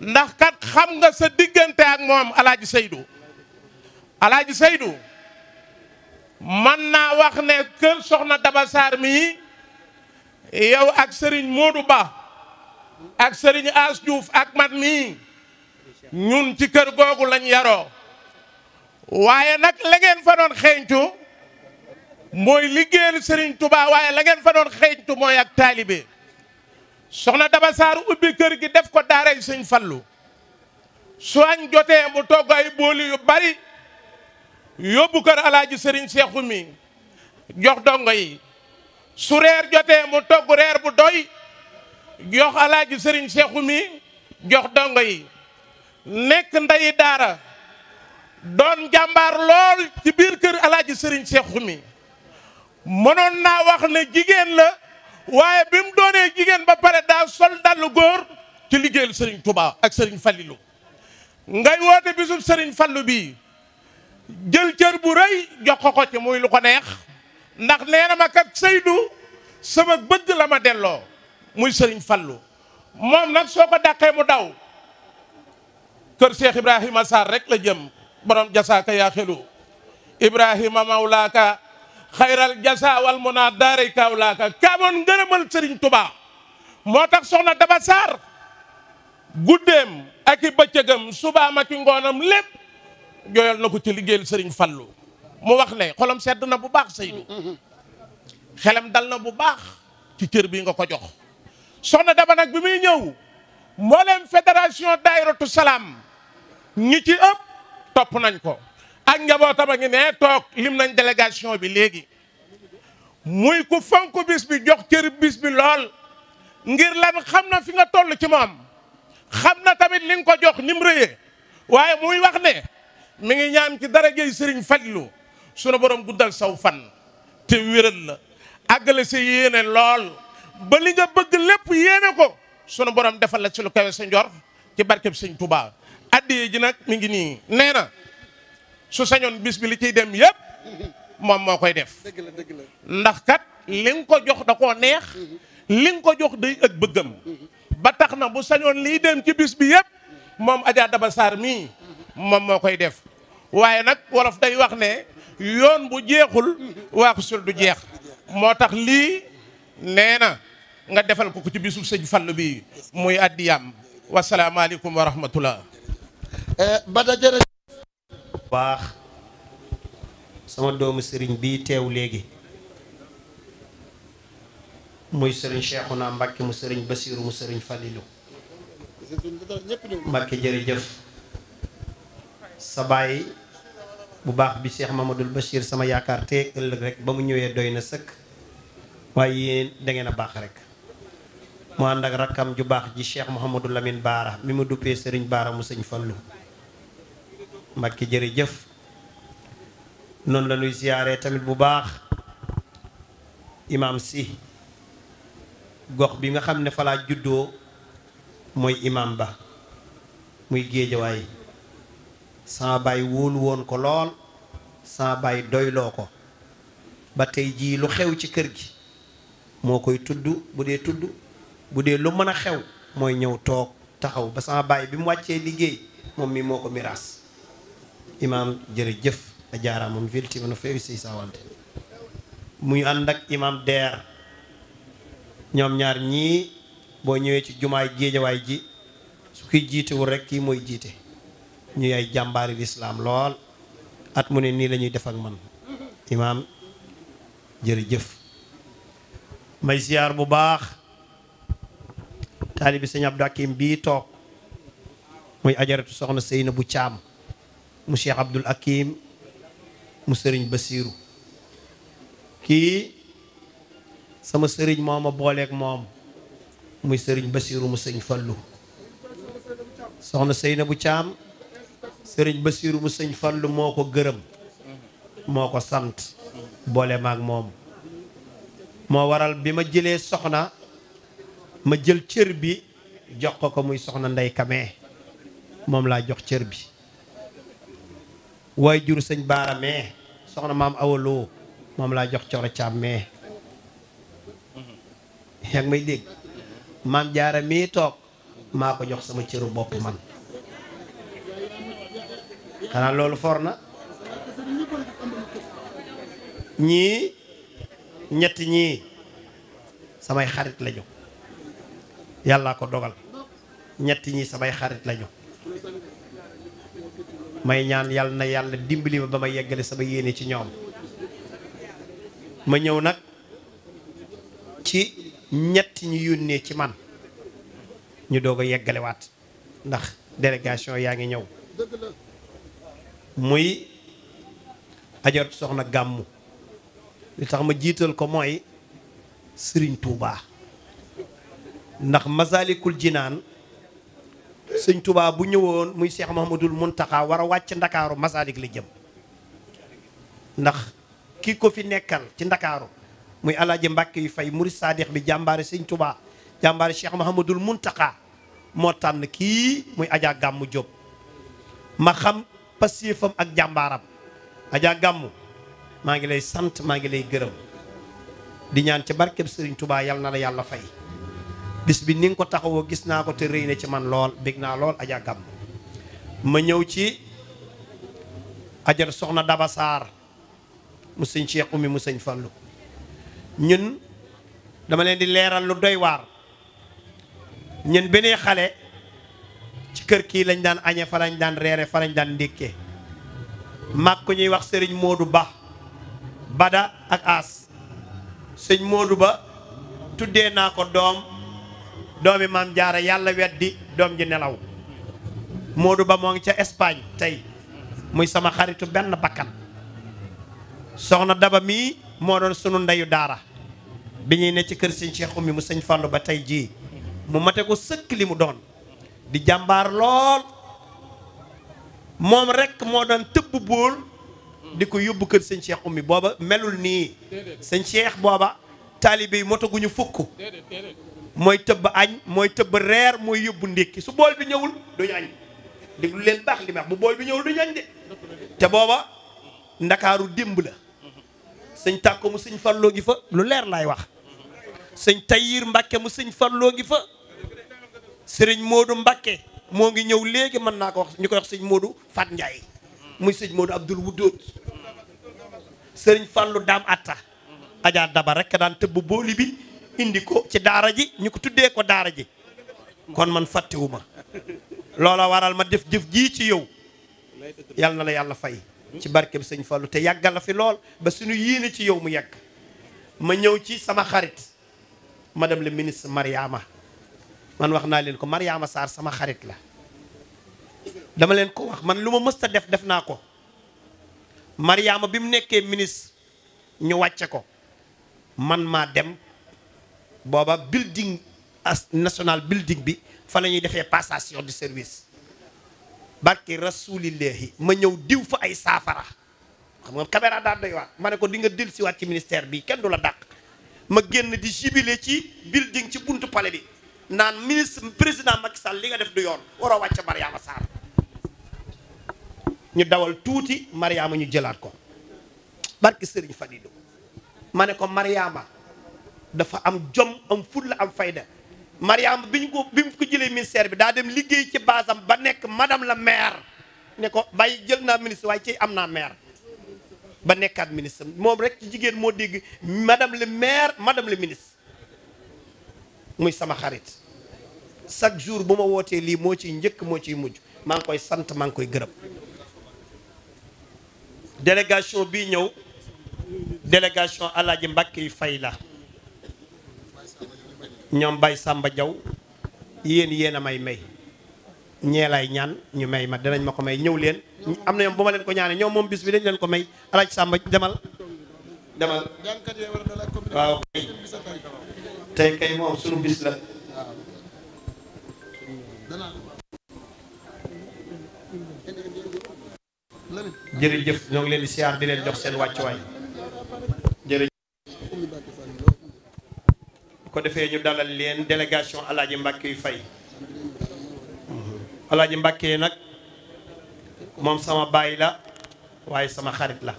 ndax kat xam nga sa diggante ak moom Alaaji Seydou alaaji Seydou man naa wax ne kër soxna Daba Sarr mii yow ak sëriñ Modou Ba ak Serigne As Diouf ak mat mi ñun ci kër googu lañ yaroo waaye nag la ngeen fa doon xeeñtu mooy liggéeyal Serigne Touba waaye la fa doon xeeñtu mooy ak taalibe soxna Daba Sarr ubbi kër gi def ko daaray Sëñ Fallu su añ jotee mu togg ay booli bari yóbbu kër alaaji sëriñ seexu mi jox dongo yi su reer jotee mu togg reer bu doy jox alaaji sëriñ seexu mi jox dongo yi nekk ndeyi daara doon jàmbaar lool ci biir kër alaaji sëriñ seexu mi mënoon naa wax ne jigéen la waaye bi mu doonee jigéen ba pare daa sol dallu góor ci liggéeyal sëriñ Touba ak sëriñ Fallilou ngay woote bisub sëriñ Fallou bii jël cër bu rëy jox ko ko ci muy lu ko neex ndax nee na ma kat Seydou sama bëgg la ma delloo muy sëriñ Fallu moom nag soo ko dàqee mu daw kër Cheikh Ibrahima Sarr rek la jëm borom jasaaka yaa xelu Ibrahima mawlaaka xayral jasa wal mu naa daaray kaawlaaka kaamoon ngërëmal sëriñ Touba moo tax soxna Daba Sarr guddeem ak i bëccëgam subaama ngoonam lépp jooyal na ko ci liggéeyal sëriñ Fallou mu wax ne xolam sedd na bu baax Seydou xelam dal na bu baax ci cër bi nga ko jox soxna Daba nag bi muy ñëw mbooleem fédération Daayiratu Salaam ñi ci ëpp topp nañ ko ak njabootam a ngi toog lim nañ délégation bi léegi muy ku fonk bis bi jox cër bis bi lool ngir lan xam na fi nga toll ci moom xam na tamit li ko jox ni mu waaye muy wax ne mi ngi ñaan ci dara jëy sëriñ fajlu sunu borom guddal saw fan te wéral la àggale sa yéene lool ba li nga bëgg lépp yéene ko sunu borom defal la ci lu kawe sa njor ci barkeb sëñ Touba. addiye ji nag mi ngi nii nee na su sañoon bis bi li ciy dem yépp moom moo koy def ndax kat li nga ko jox da koo neex li nga ko jox day ak bëggam ba tax na bu sañoon liy dem ci bis bi yépp moom Adja Daba Sarr mii moom moo koy def waaye nag wolof day wax ne yoon bu jeexul waaxu sul du jeex moo tax lii nee na nga defal ko ci bisu sëñ Fall bi muy addiyam wasalaamaaleykum wa rahmatullah eh, bada jërëjëf baax sama doomu sëriñ bi teew léegi muy sëriñ Cheikhouna Mbacke mu sëriñ Basiiru mu sëriñ Falilu Mbacke jërëjëf sa baay bu baax bi Cheikh Mamadou Bachir sama yaakaar te ëllëg rek ba mu ñëwee doy na sëkk waaye yéen dangeen a baax rek mu ànd ak rakkam ju baax ji Cheikh Mouhamadou Lamine Baara mi mu duppee Serigne Baara mu sëñ Fallu Mbàkke jëf noonu la ñuy ziyaare tamit bu baax imaam si gox bi nga xam ne falaa juddoo mooy imaam ba muy géejawaay sama baay wóolu woon ko lool sama baay doyloo ko ba tey jii lu xew ci kër gi moo koy tudd bu dee tudd bu dee lu mën a xew mooy ñëw toog taxaw ba sama baay bi mu wàccee liggéey moom mii moo ko miraas imaam jërëjëf a jaaraamam velti mën a feewi si sawante muy ànd ak imaam deer ñoom ñaar ñii boo ñëwee ci jumaay géejawaay ji su kiy jiitewul rek kii mooy jiite ñuy ay jàmbaari lislaam lool at mu ne nii lañuy ñuy man imaam jërëjëf may siyaar bu baax taalibi sëñ Abdou Hakim bii toog muy ajaratu soxna Seyna bu Caam mu Cheikh Abdul Hakim mu sëriñ Basiiru kii sama sëriñ mooma booleeg moom muy sëriñ Basiiru mu sëñ Fallu soxna Seyna bu Caam sëriñ Basiiru mu sëñ Fallu moo ko gërëm moo ko sant boole maag moom moo waral bi ma jëlee soxna ma jël cër bi jox ko ko muy soxna ndey kamee moom laa jox cër bi waaye jur sëñ baara soxna maam awaloo moom laa jox coro caam mee yaa ngi may dégg maam jaara toog maa ko jox sama cëru bopp man xanaa loolu for na ñii ñett ñii samay xarit lañu yàllaa ko dogal ñett ñii samay xarit lañu may ñaan yàlla na yàlla dimbali ma ba ma yeggale sama yéene ci ñoom ma ñëw nag ci ñetti ñu yónnee ci man ñu doog a yeggalewaat ndax délégation yaa ngi ñëw muy ajoot soxna gàmmu li tax ma jiital ko mooy sëriñ Touba ndax Masalikul Jinaan sëñ Touba bu ñëwoon muy Cheikh Mahamadul Muntaxa war a wàcc ndakaaru Masalik la jëm ndax ki ko fi nekkal ci ndakaaru muy alaaji Mbàkke yu fay murid saadix bi jàmbaari sëñ Touba jàmbaari Cheikh Mahamadul Muntaxa moo tànn kii muy ajaa Gàmmu Jóob ma xam passéefam ak jàmbaaram ajaa gàmmu maa ngi lay sant maa ngi lay gërëm di ñaan ci barkeb sëriñ tubaa yal na la yàlla fay bis bi ni nga ko taxawoo gis naa ko te rëy na ci man lool bég naa lool ajaa gàmmu ma ñëw ci ajar soxna Daba mu sëñ Cheikh Oumy mu sëñ Fallou ñun dama leen di leeral lu doy waar ñun beneen xale ci kër kii lañ daan añe fa lañ daan reere fa lañ daan ndékkee mag ku ñuy wax sëriñ Moodu Ba Bada ak As sëñ Moodu Ba tuddee naa ko doom doomi maam jaara yàlla wet weddi doom ji nelaw Moodu Ba moo ngi ca Espagne tey muy sama xaritu benn bakkan soxna Daba mii moo doon sunu ndeyu daara bi ñuy ne ci kër sëñ Cheikh Oumy mu sëñ Fallou ba tey jii mu mate ko sëkk li mu doon di jàmbaar lool moom rekk moo daan tëbb bool di ko yóbbu kër sëñ Cheikh ummi booba melul nii sëñ Cheikh booba taalibe yi motaguñu fukk mooy tëbb añ mooy tëbb reer mooy yóbbu ndékki su bool bi ñëwul duñu añ déglu leen baax li ma bool bi ñëwul duñu añ te booba ndakaaru démb la sëñ tàkko mu sëñ falloo fa lu leer lay wax sëñ tayir mbàkke mu sëñ falloo fa sëriñ Modou Mbakke moo ngi ñëw léegi mën naa ko wax ñu koy wax sëñ Modou Fat Ndiaye muy sëñ Modou Abdoul Wuddoot sëriñ Fallou Daam Atta Adja Daba rek daan tëbb booli bi indi ko ci daara ji ñu ko tuddee ko daara ji kon man fàttewuma loola waral ma def jëf jii ci yow yal na la yàlla fay ci barkeb sëñ Fallou te yàggal la fi lool ba suñu yéene ci yow mu yàgg ma ñëw ci sama xarit ma dem le ministre Mariama man wax naa leen ko Mariama Sarr sama xarit la dama leen ko wax man lu ma mës a def def naa ko Mariama bi mu nekkee ministre ñu wàcce ko man maa dem booba building as national building bi fa la ñuy defee passation de service barki rasulillahi ma ñëw diw fa ay saafara xam nga daal doy waat ma ne ko di nga dellusiwaat ci ministère bi kenn du la dàq ma génn di jubilé ci building ci buntu palais bi naan ministre président Macky Sall li nga def du yoon waroo wàcc Mariama saar ñu dawal tuuti Mariama ñu jëlaat ko barki Serigne Fadilou ma ne ko Mariama dafa am jom am la am fayda Mariama bi ñu ko bi mu ko jëlee ministère bi daa dem liggéey ci baasam ba nekk madame la maire ne ko bàyyi jël naa ministre waaye ci am naa maire ba nekkaat ministre moom rek ci jigéen moo dégg madame le maire madame le ministre muy sama xarit chaque jour bu ma wootee lii moo ciy njëkk moo ciy mujj maa ngi koy sant maa ngi koy gërëm délégation bii ñëw délégation alaaji Mbàkke Fay la ñoom Baye sàmba jaw yéen yéen a may may ñee laay ñaan ñu may ma danañ ma ko may ñëw leen am na ñoom bu ma leen ko ñaanee ñoom moom bis bi dañ leen ko may alaaji sàmba demal demal waaw tey kay moom suñu bis la jërëjëf ñoo ngi leen di siyaar di leen jox seen wàcc jërëjëf bu ko defee ñu dalal leen délégation alaaji Mbàkke yu fay alaaji yi nag moom sama baay la waaye sama xarit la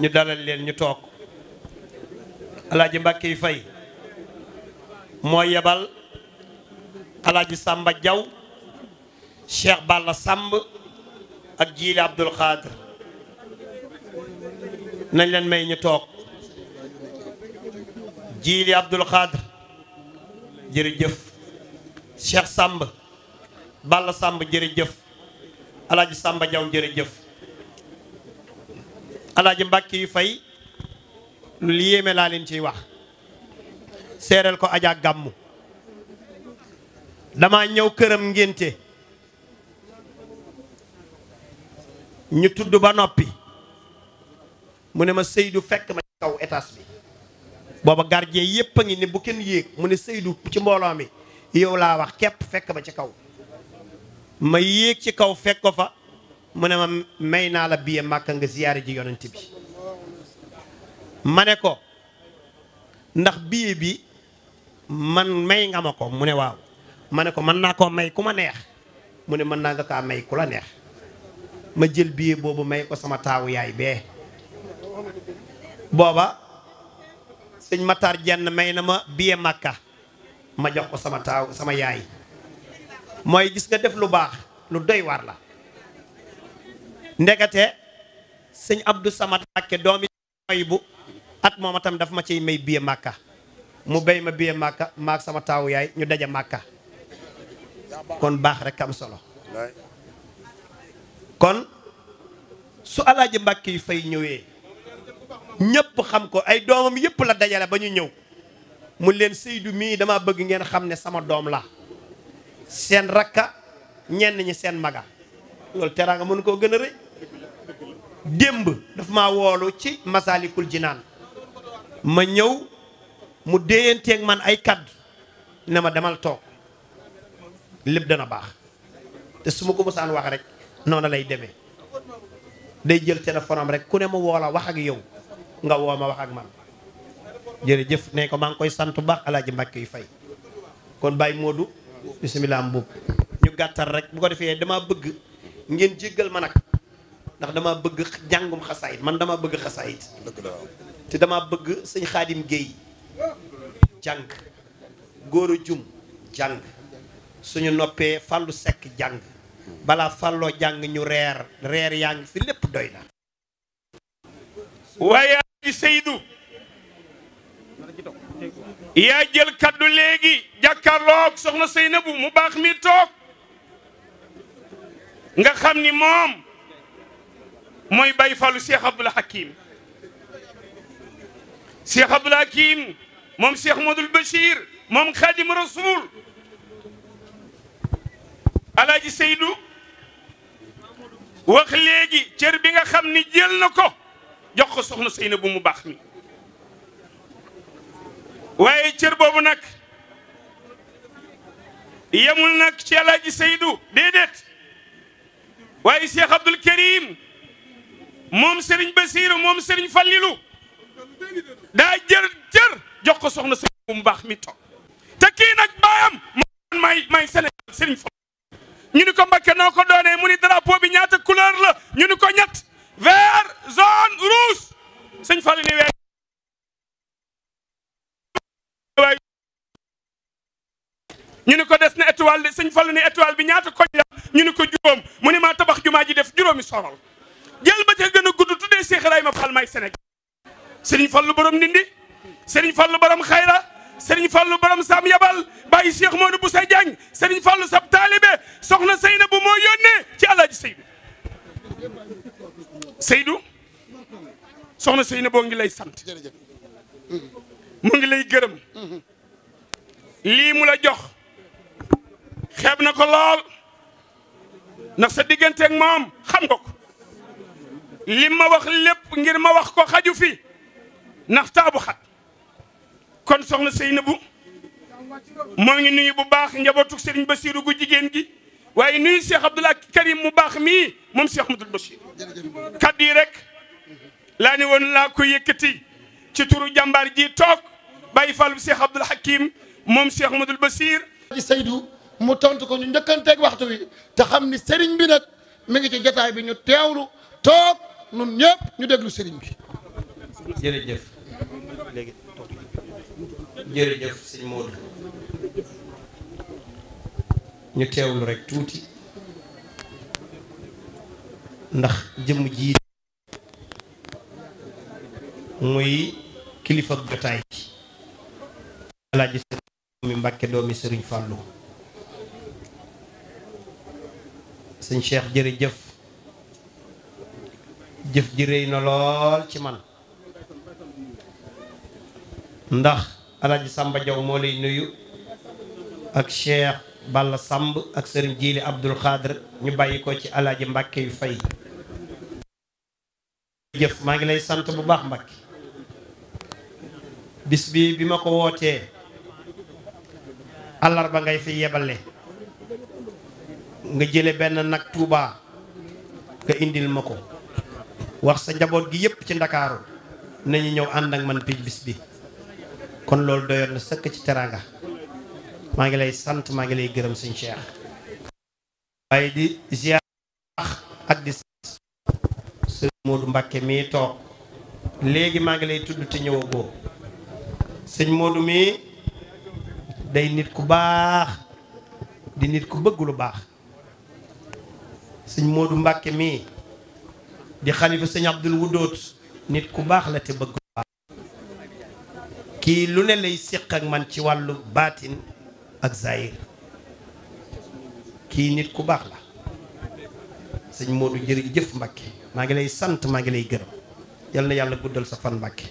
ñu dalal leen ñu toog alaaji Mbàkke Fay moo yebal alaaji Sàmba Jaw Cheikh Balla Sàmb ak Jiili Abdul Xaadir nañ leen may ñu toog Jiili Abdul Xaadir jërëjëf Cheikh Sàmb Balla Sàmb jërëjëf alaaji Sàmba Jaw jërëjëf alaaji mbàkki yu fay lu yéeme laa leen ciy wax seereel ko ajaa gàmmu dama ñëw këram ngénte ñu tudd ba noppi mu ne ma Seydou fekk ma ci kaw étage bi booba gardien yépp a ngi ne bu kenn yéeg mu ne Seydou ci mbooloo mi yow laa wax képp fekk ma ci kaw ma yéeg ci kaw fekk ko fa mu ne ma may naa la biye màkka nga ziyaare ji yonent bi ma ne ko ndax biye bi man may nga ma ko mu ne waaw ma ne ko mën naa koo may ku ma neex mu ne mën naa nga kaa may ku la neex ma jël biye boobu may ko sama taawu yaay bee booba sëñ tar jenn may na ma biye màkka ma jox ko sama taaw sama yaay mooy gis nga def lu baax lu doy waar la ndegete sëñ Abdou Samad Mbàkke doomi mooy bu at moom itam daf ma ciy may biye màkka mu béy ma biye màkka maak sama taawu yaay ñu daje màkka kon baax rek am solo kon su alaaji Mbàkke yi fay ñëwee ñépp xam ko ay doomam yépp la dajale ba ñu ñëw mu leen Seydou mii dama bëgg ngeen xam ne sama doom la seen rakka ñenn ñi seen maga loolu teraanga mënu koo gën a rëy démb dafa ma woolu ci Masaalikul naan ma ñëw mu déyanteeg man ay kàddu ne ma demal toog lépp dana baax te su ma ko mosaan wax rek noonu lay deme day jël téléphone rek ku ne ma woola wax ak yow nga woo ma wax ak man jërëjëf ne ko maa ngi koy sant bu baax Alaaji Mbàkke yu fay kon Baye Modou bisimilah mbub ñu gàttal rek bu ko defee dama bëgg ngeen jéggal ma nag ndax dama bëgg jàngum xasaayit man dama bëgg xasaayit te dama bëgg sëñ xaadim géey jàng góor a jum jàng suñu noppee fàllu sekk jàng balaa fàlloo jàng ñu reer reer yaa ngi fi lépp doy na waaye ay Seydou yaa jël kàddu léegi jàkkaarloog soxna Seynabu mu baax mi toog nga xam ni moom mooy Baye Fallou Cheikh Abdoul Hakim Cheikh Abdoul Hakim moom Cheikh Modou Bachir moom Khadim Rasoul Alaaji Seydou wax léegi cër bi nga xam ni jël na ko jox ko soxna Seyna bu mu baax mi waaye cër boobu nag yemul nag ci Alaaji Seydou déedéet waaye Cheikh Abdoul Karim moom Serigne Basiiru moom Serigne Fallilu daa jër jër jox ko soxna sëñ bu baax mi toog te kii nag baayam moo may may Sénégal Serigne Fall ñu ni ko Mbakke noo ko doonee mu ni drapeau bi ñaata couleur la ñu ni ko ñett vert jaune rouge sëñ Fall ni weer ñu ko des na étoile de sëñ Fall ni étoile bi ñaata koñ la ñu ni ko juróom mu ni maa tabax jumaa ji def juróomi soral jël ba ca gën a gudd tuddee Cheikh Ibrahima Fall maay Sénégal Serigne Fallou borom Ndindi Serigne Fallou borom Xayra Serigne Fallou borom Sam Yabal Baye Cheikh Modou Boussa Diagne Serigne Fallou sab taalibe soxna Seynabu moo yónnee ci Alaaji Seydou Seydou soxna Seynabu boo ngi lay sant mu ngi lay gërëm lii mu la jox xeeb na ko lool ndax sa digganteeg moom xam nga ko li ma wax lépp ngir ma wax ko xaju fi ndax taabu xat kon soxna Seynabou moo ngi nuyu bu baax njabootu Serigne Bassirou gu jigéen gi waaye nuyu Cheikh Abdoulaye Karim mu baax mii moom Cheikh Mouhamadoul Bachir kaddu rek laa ne woon laa ko yëkkati ci turu jàmbaar ji toog bàyyi fàllu Cheikh Abdoul Hakim moom Cheikh Mouhamadoul Bachir ci Seydou mu tontu ko ñu njëkkanteeg waxtu wi te xam ni Serigne bi nag mi ngi ci jotaay bi ñu teewlu toog nun ñëpp ñu déglu sëriñ bi. jërëjëf léegi jërëjëf sëñ Modou ñu teewlu rekk tuuti ndax jëmm jii muy kilifa jotaay ci alaaji sëriñ mi Mbàkke doomi sëriñ Fàllu sëñ Cheikh jërëjëf jëf ji rëy na lool ci man ndax alaaji Samba Jaw moo lay nuyu ak Cheikh Balla Samb ak sëriñ Jiili Abdul Xaadir ñu bàyyi ko ci alaaji Mbàkke yu fay jëf maa ngi lay sant bu baax Mbàkke bis bi bi ma ko wootee àllarba ngay fi yebale nga jële benn nag tuuba nga indil ma ko wax sa njaboot gi yëpp ci ndakaaru nañu ñëw ànd ak man pij bis bi kon loolu doyoon na sëkk ci teraanga maa ngi lay sant maa ngi lay gërëm sëñ Cheikh waaye di ziar ak di sëñ Modou Mbakke mii toog léegi maa ngi lay tudd te ñëwagoo sëñ Modou mii day nit ku baax di nit ku bëgg baax sëñ Modou Mbakke mii di xalifa sëñ Abdul Wudoot nit ku baax la te bëgg baax kii lu ne lay séq ak man ci wàllu baatin ak zahir kii nit ku baax la sëñ Modou jërëjëf Mbacke maa ngi lay sant maa ngi lay gërëm yal na yàlla guddal sa fan Mbacke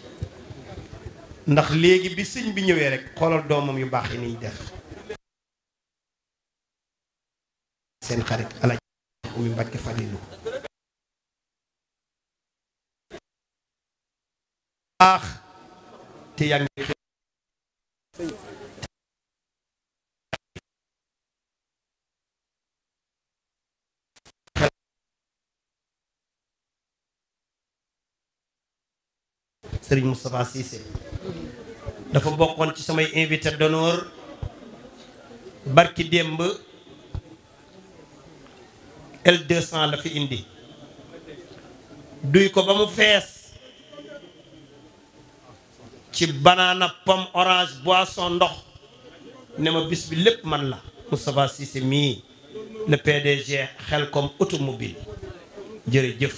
ndax léegi bi sëñ bi ñëwee rek xoolal doomam yu baax yi niy def seen xarit alaaj Umi Mbacke Fadilou baax te yaa ngi Sëriñ Moustapha Cissé dafa bokkoon ci samay invité d'honneur barki démb l la fi indi duy ko ba mu fees ci banaana pomme orange boisson ndox ne ma bis bi lépp man la Moustapha Cissé mii le PDG Khelcom automobile jërëjëf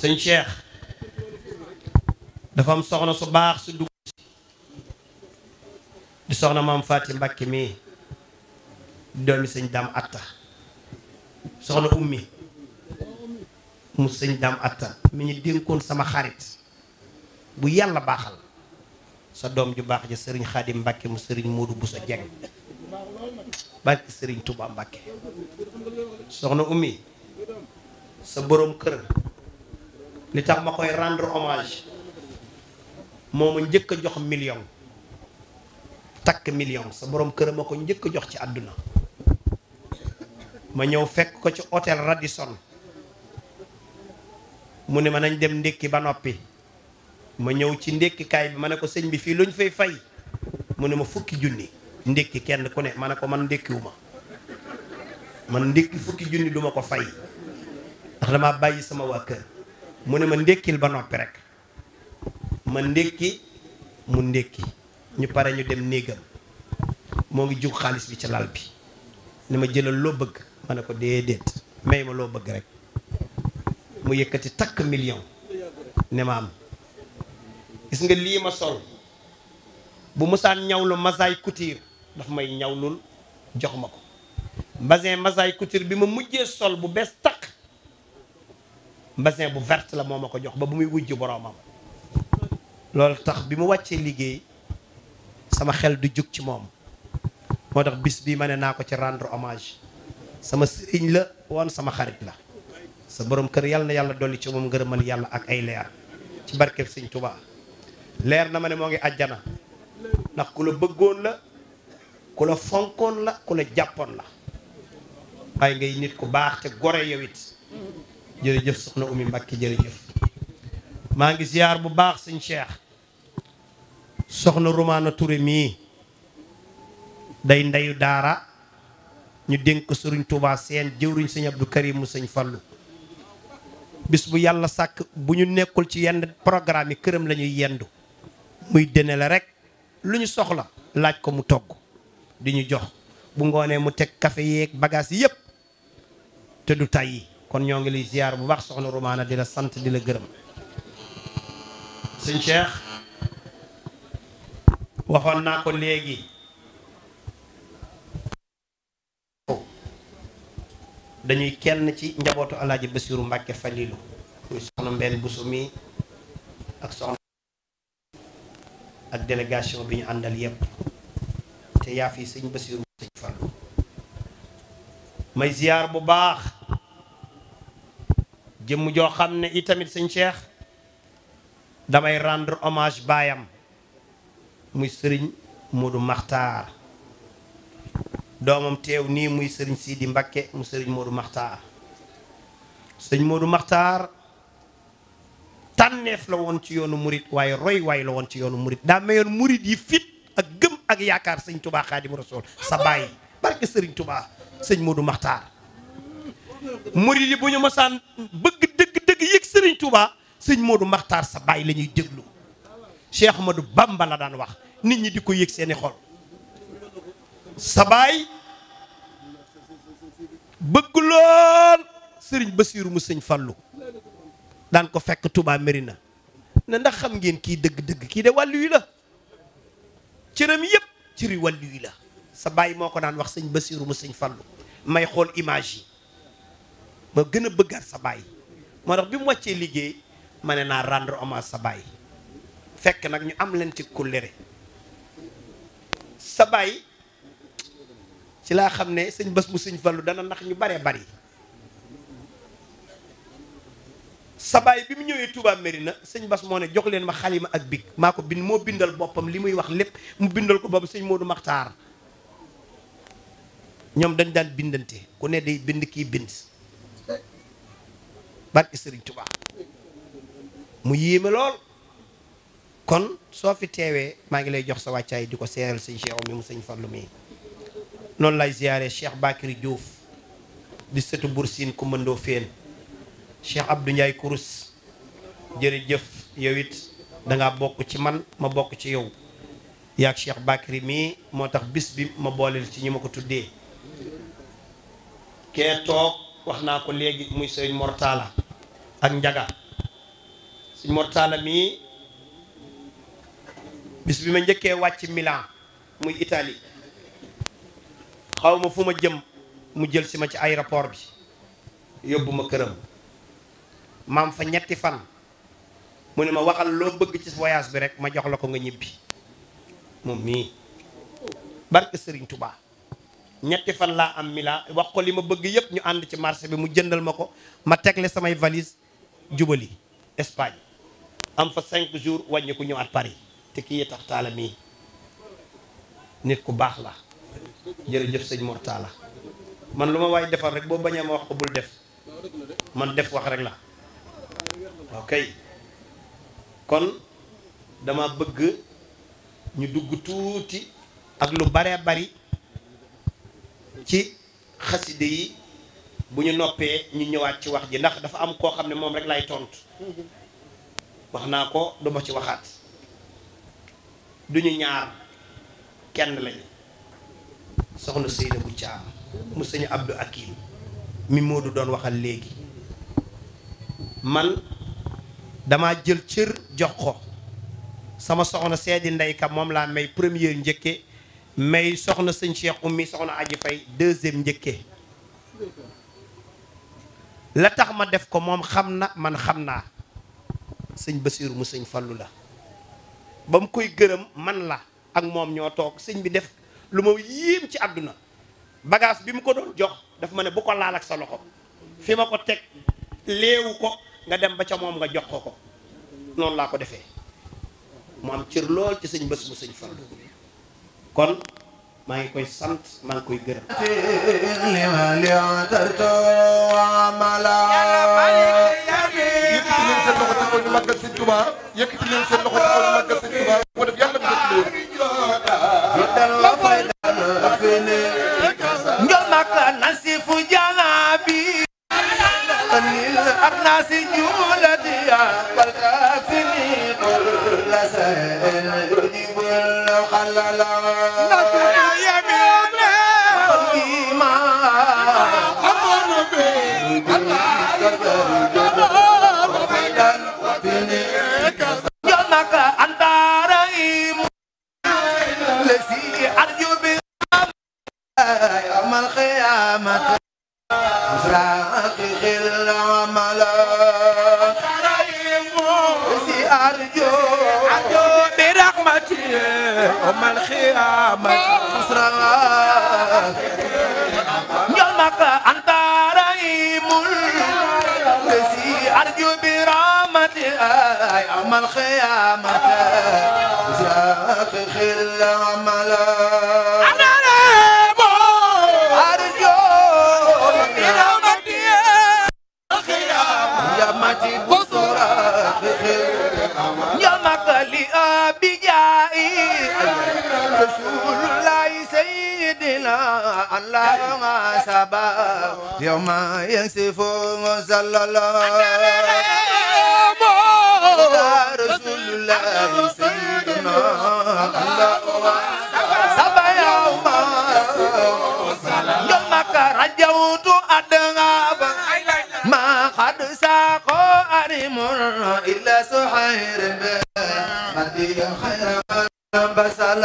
sëñ Cheikh dafa am soxna su baax su dugg di soxna maam Faati Mbàkke mii doomi sëñ Dam Atta soxna ummi mu sëñ Dam Atta mi ñu dénkoon sama xarit bu yàlla baaxal sa doom ju baax ja sëriñ xaadim mbàkke mu sëriñ moodu bu sa jeng barke sëriñ tubaa mbàkke soxna umi sa borom kër li tax ma koy rendre omage moo ma njëkk a jox million takk million sa borom kër ma ko njëkk a jox ci àdduna ma ñëw fekk ko ci hôtel Radisson mu ne ma nañ dem ndékki ba noppi ma ñëw ci ndékkikaay bi ma ne ko sëñ bi fii lu ñu fay fay mu ne ma fukki junni ndékki kenn ku ne ma ne ko man ndékkiwu ma man ndékki fukki junni duma ko fay ndax damaa bàyyi sama waa mu ne ma ndékkil ba noppi rek ma ndékki mu ndékki ñu pare ñu dem néegam moo ngi jug xaalis bi ca lal bi ni ma jëlal loo bëgg ma ne ko déedéet may ma loo bëgg rek mu yëkkati takk million ne ma am gis nga lii ma sol bu musaan ñawlu masaay couture daf may ñawlul jox ma ko mbasin masaay couture bi ma mujjee sol bu bees taq mbasin bu verte la moom ma ko jox ba bu muy wujj boroomam loolu tax bi mu wàccee liggéey sama xel di jug ci moom moo tax bis bii ma ne naa ko ci rendre hommage sama sëriñ la woon sama xarit la sa borom kër yàlla na yàlla dolli ci moom ngërëmal yàlla ak ay leer ci barkeb sëñ Tuubaa leer na ma ne moo ngi àjjana ndax ku la bëggoon la ku la fonkoon la ku la jàppoon la waaye ngay nit ku baax te gore yow it jërëjëf soxna Oumy Mbacke jërëjëf maa ngi ziar bu baax sëñ Cheikh soxna Roumane ture mii day ndeyu daara ñu dénk sëriñ Touba seen jëwriñ sëñ Abdou Karim mu sëñ Fallu bis bu yàlla sàkk bu ñu nekkul ci yenn programme yi këram lañuy yendu muy dëne la rek lu ñu soxla laaj ko mu togg di jox bu ngoonee mu teg café yeeg bagage yëpp te du tàyyi kon ñoo ngi lay ziar bu baax soxna Roumane di la sant di la gërëm sëñ waxoon naa ko léegi dañuy kenn ci njabootu alaaji Basiru Mbàkke Falilu muy soxna Mbeen Buso mi ak soxna ak délégation bi ñu àndal yépp te yaa fi sëñ Basiru sëñ Fallu may ziyaar bu baax jëmm joo xam ne itamit sëñ Cheikh damay rendre hommage baayam muy sëriñ Modu Maxtaar doomam teew nii muy sëriñ Sidi Mbakke mu sëriñ Modu Maxtaar sëñ Modu Maxtaar tànneef la woon ci yoonu murit waaye roy waay la woon ci yoonu murit daa mayoon murit yi fit ak gëm ak yaakaar sëñ tubaa xaadimu rasuul sa bàyyi barke sëriñ tubaa sëñ Moodu Maxtaar murit yi bu ñu mosaan bëgg sëñ Moodu Maxtaar sa bàyyi la ñuy déglu Cheikh Ahmadou Bamba la daan wax nit ñi di ko yëg seeni xol sa baay bëgg lool sëriñ Basiiru mu sëñ Fallu daan ko fekk Touba Mérina ne ndax xam ngeen kii dëgg-dëgg kii de wàllu yi la cëram yëpp cëri wàllu yi la sa bàyyi moo ko daan wax sëñ Basiiru mu sëñ Fallu may xool image yi ba gën a bëggaat sa bàyyi moo tax bi mu wàccee liggéey ma ne naa rendre hommage sa bàyyi fekk nag ñu am leen ci kullere sa bàyyi ci laa xam ne sëñ bés mu sëñ Fallu dana nax ñu baree bari sa baay bi mu ñëwee Touba Mérina sëñ Bas moo ne jox leen ma xalima ak big maa ko bind moo bindal boppam li muy wax lépp mu bindal ko boobu sëñ Modou Maxtaar ñoom dañ daan bindante ku ne di bind kii bind barke sëriñ Touba mu yéeme lool kon soo fi teewee maa ngi lay jox sa wàccaay di ko seeral sëñ Cheikh mi mu sëñ Fallu mi noonu lay ziyaare Cheikh Bakiri Diouf di sëtu Buur Siin mëndoo Ndofeen Cheikh Abdou Ndiaye Kourous jërëjëf yow it da bokk ci man ma bokk ci yow yaag Cheikh Bakri mii moo tax bis bi ma booleel ci ñi ma ko tuddee kee toog wax naa ko léegi muy sëñ Mortala ak Njaga sëñ Mortala mii bis bi ma njëkkee wàcc Milan muy Italie xaw ma fu ma jëm mu jël si ma ci aéroport bi yóbbu ma këram maam fa ñetti fan mu ne ma waxal loo bëgg ci voyage bi rek ma jox la ko nga ñibbi moom mii barke Serigne Touba ñetti fan laa am mi wax ko li ma bëgg yëpp ñu ànd ci marché bi mu jëndal ma ko ma tegle samay valise jubali Espagne am fa cinq jours wàññi ko ñëwaat Paris te kii tax taala mii nit ku baax la jërëjëf sëñ Mor Talla man lu ma waay defal rek boo bañee ma wax ko bul def man def wax rek la ok kon dama bëgg ñu dugg tuuti ak lu baree bari ci xaside yi bu ñu noppee ñu ñëwaat ci wax ji ndax dafa am koo xam ne moom rek lay tontu wax naa ko du ci waxaat du ñu ñaar kenn lañu soxna Seyda bu Caam mu sëñ Abdou Akim mi du doon waxal léegi man damaa jël cër jox ko sama soxna seedi ndey ka moom laa may première njëkke may soxna sëñ Cheikh Oumy soxna aji fay deuxième njëkke la tax ma def ko moom xam na man xam naa sëñ Basiiru mu sëñ Fallu la ba mu koy gërëm man la ak moom ñoo toog sëñ bi def lu ma yéem ci àdduna bagage bi mu ko doon jox daf ma ne bu ko laal ak sa loxo fi ma ko teg léewu ko nga dem ba ca moom nga jox ko ko noonu laa ko defee mu am cër lool ci sëñ bés bu sëñ Fallu kon maa ngi koy sant maa ngi koy gërëm yëkkati leen seen loxo taxaw ñu màggal sëñ Tuubaa yëkkati leen seen loxo taxaw ñu màggal sëñ Tuubaa moo def yàlla bi def ناسي جولتي والكافني كل سائل يجيب الخلل لكن يمينا قديما أمر بي الله وفيدا وفينيك يومك أنت رئيم الذي أرجو بها يوم القيامة يوم الخيامة بشرى يومك أنت رحيم الذي أرجو برحمته يوم الخيامة بشرى خير العمل اللهم سبا يوم يصفون صلى الله رسول الله سيدنا اللهم سبا يوم يوم رجوت أدناب ما قد ساقوا أرم إلا سحير مدي خير لكم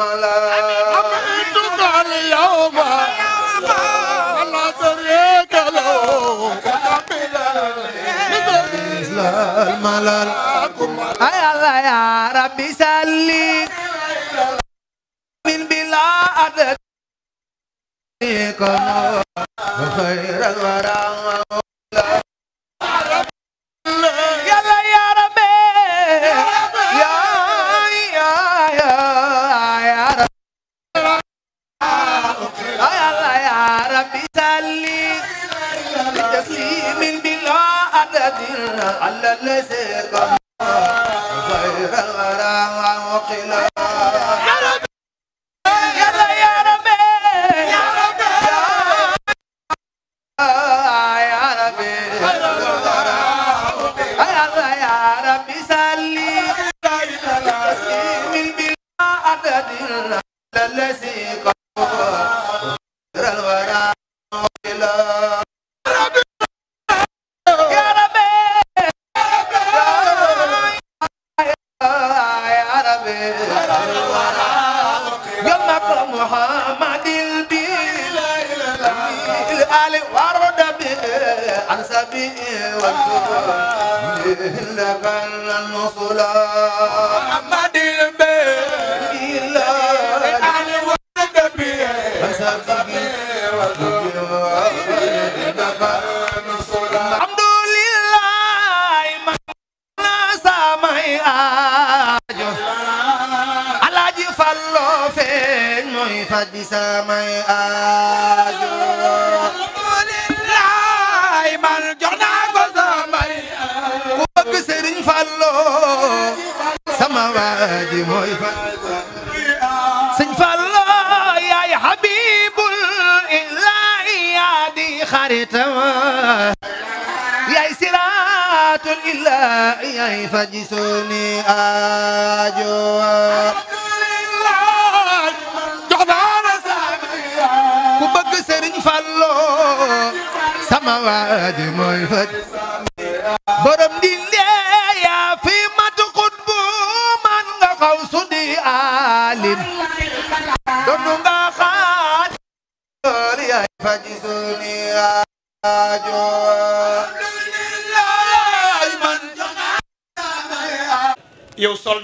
على أميتك اليوم الملل يا الله يا ربي سلي حسبي والكتب إلا كان المصلى محمد ilaa yaay faj sunu aajo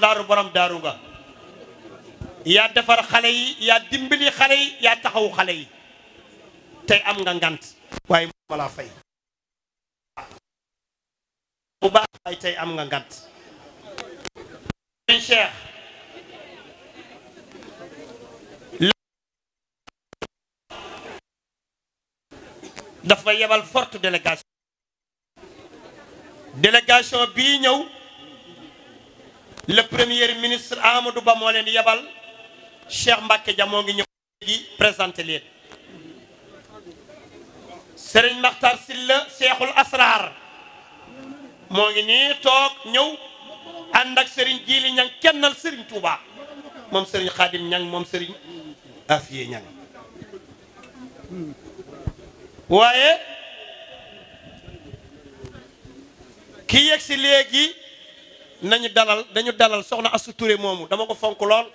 laaru borom daaru nga yaa dimbali xale yi taxaw xale yi tey am nga ngant waaye ma nga ngant cheikh dafa yebal fort délégation délégation bii ñëw le premier ministre Amadou Ba moo leen yebal Cheikh Mbacke Dia moo ngi ñëw di présenté leen. Serigne Makhtar Silla Cheikhul Asrar moo ngi nii toog ñëw ànd ak Serigne Jili Ñang kennal Serigne Touba moom Serigne Khadim Ñang moom Serigne Afiye Ñang waaye ki yegg si léegi. nañu dalal dañu dalal soxna Astou Touré moomu dama ko fonk lool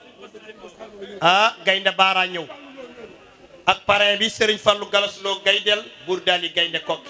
ah gaynde baaraa ñëw ak parrain bi Serigne Fallou Galas Lo buur daal yi gaynde kokki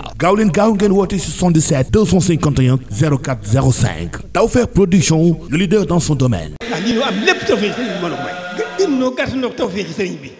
Sénégal gaaw leen gaaw ngeen woote si 77 251 04 05 Tawfekh Production le leader dans son domaine. ndax ah, lii am lépp tawfeex ci sëriñ bi.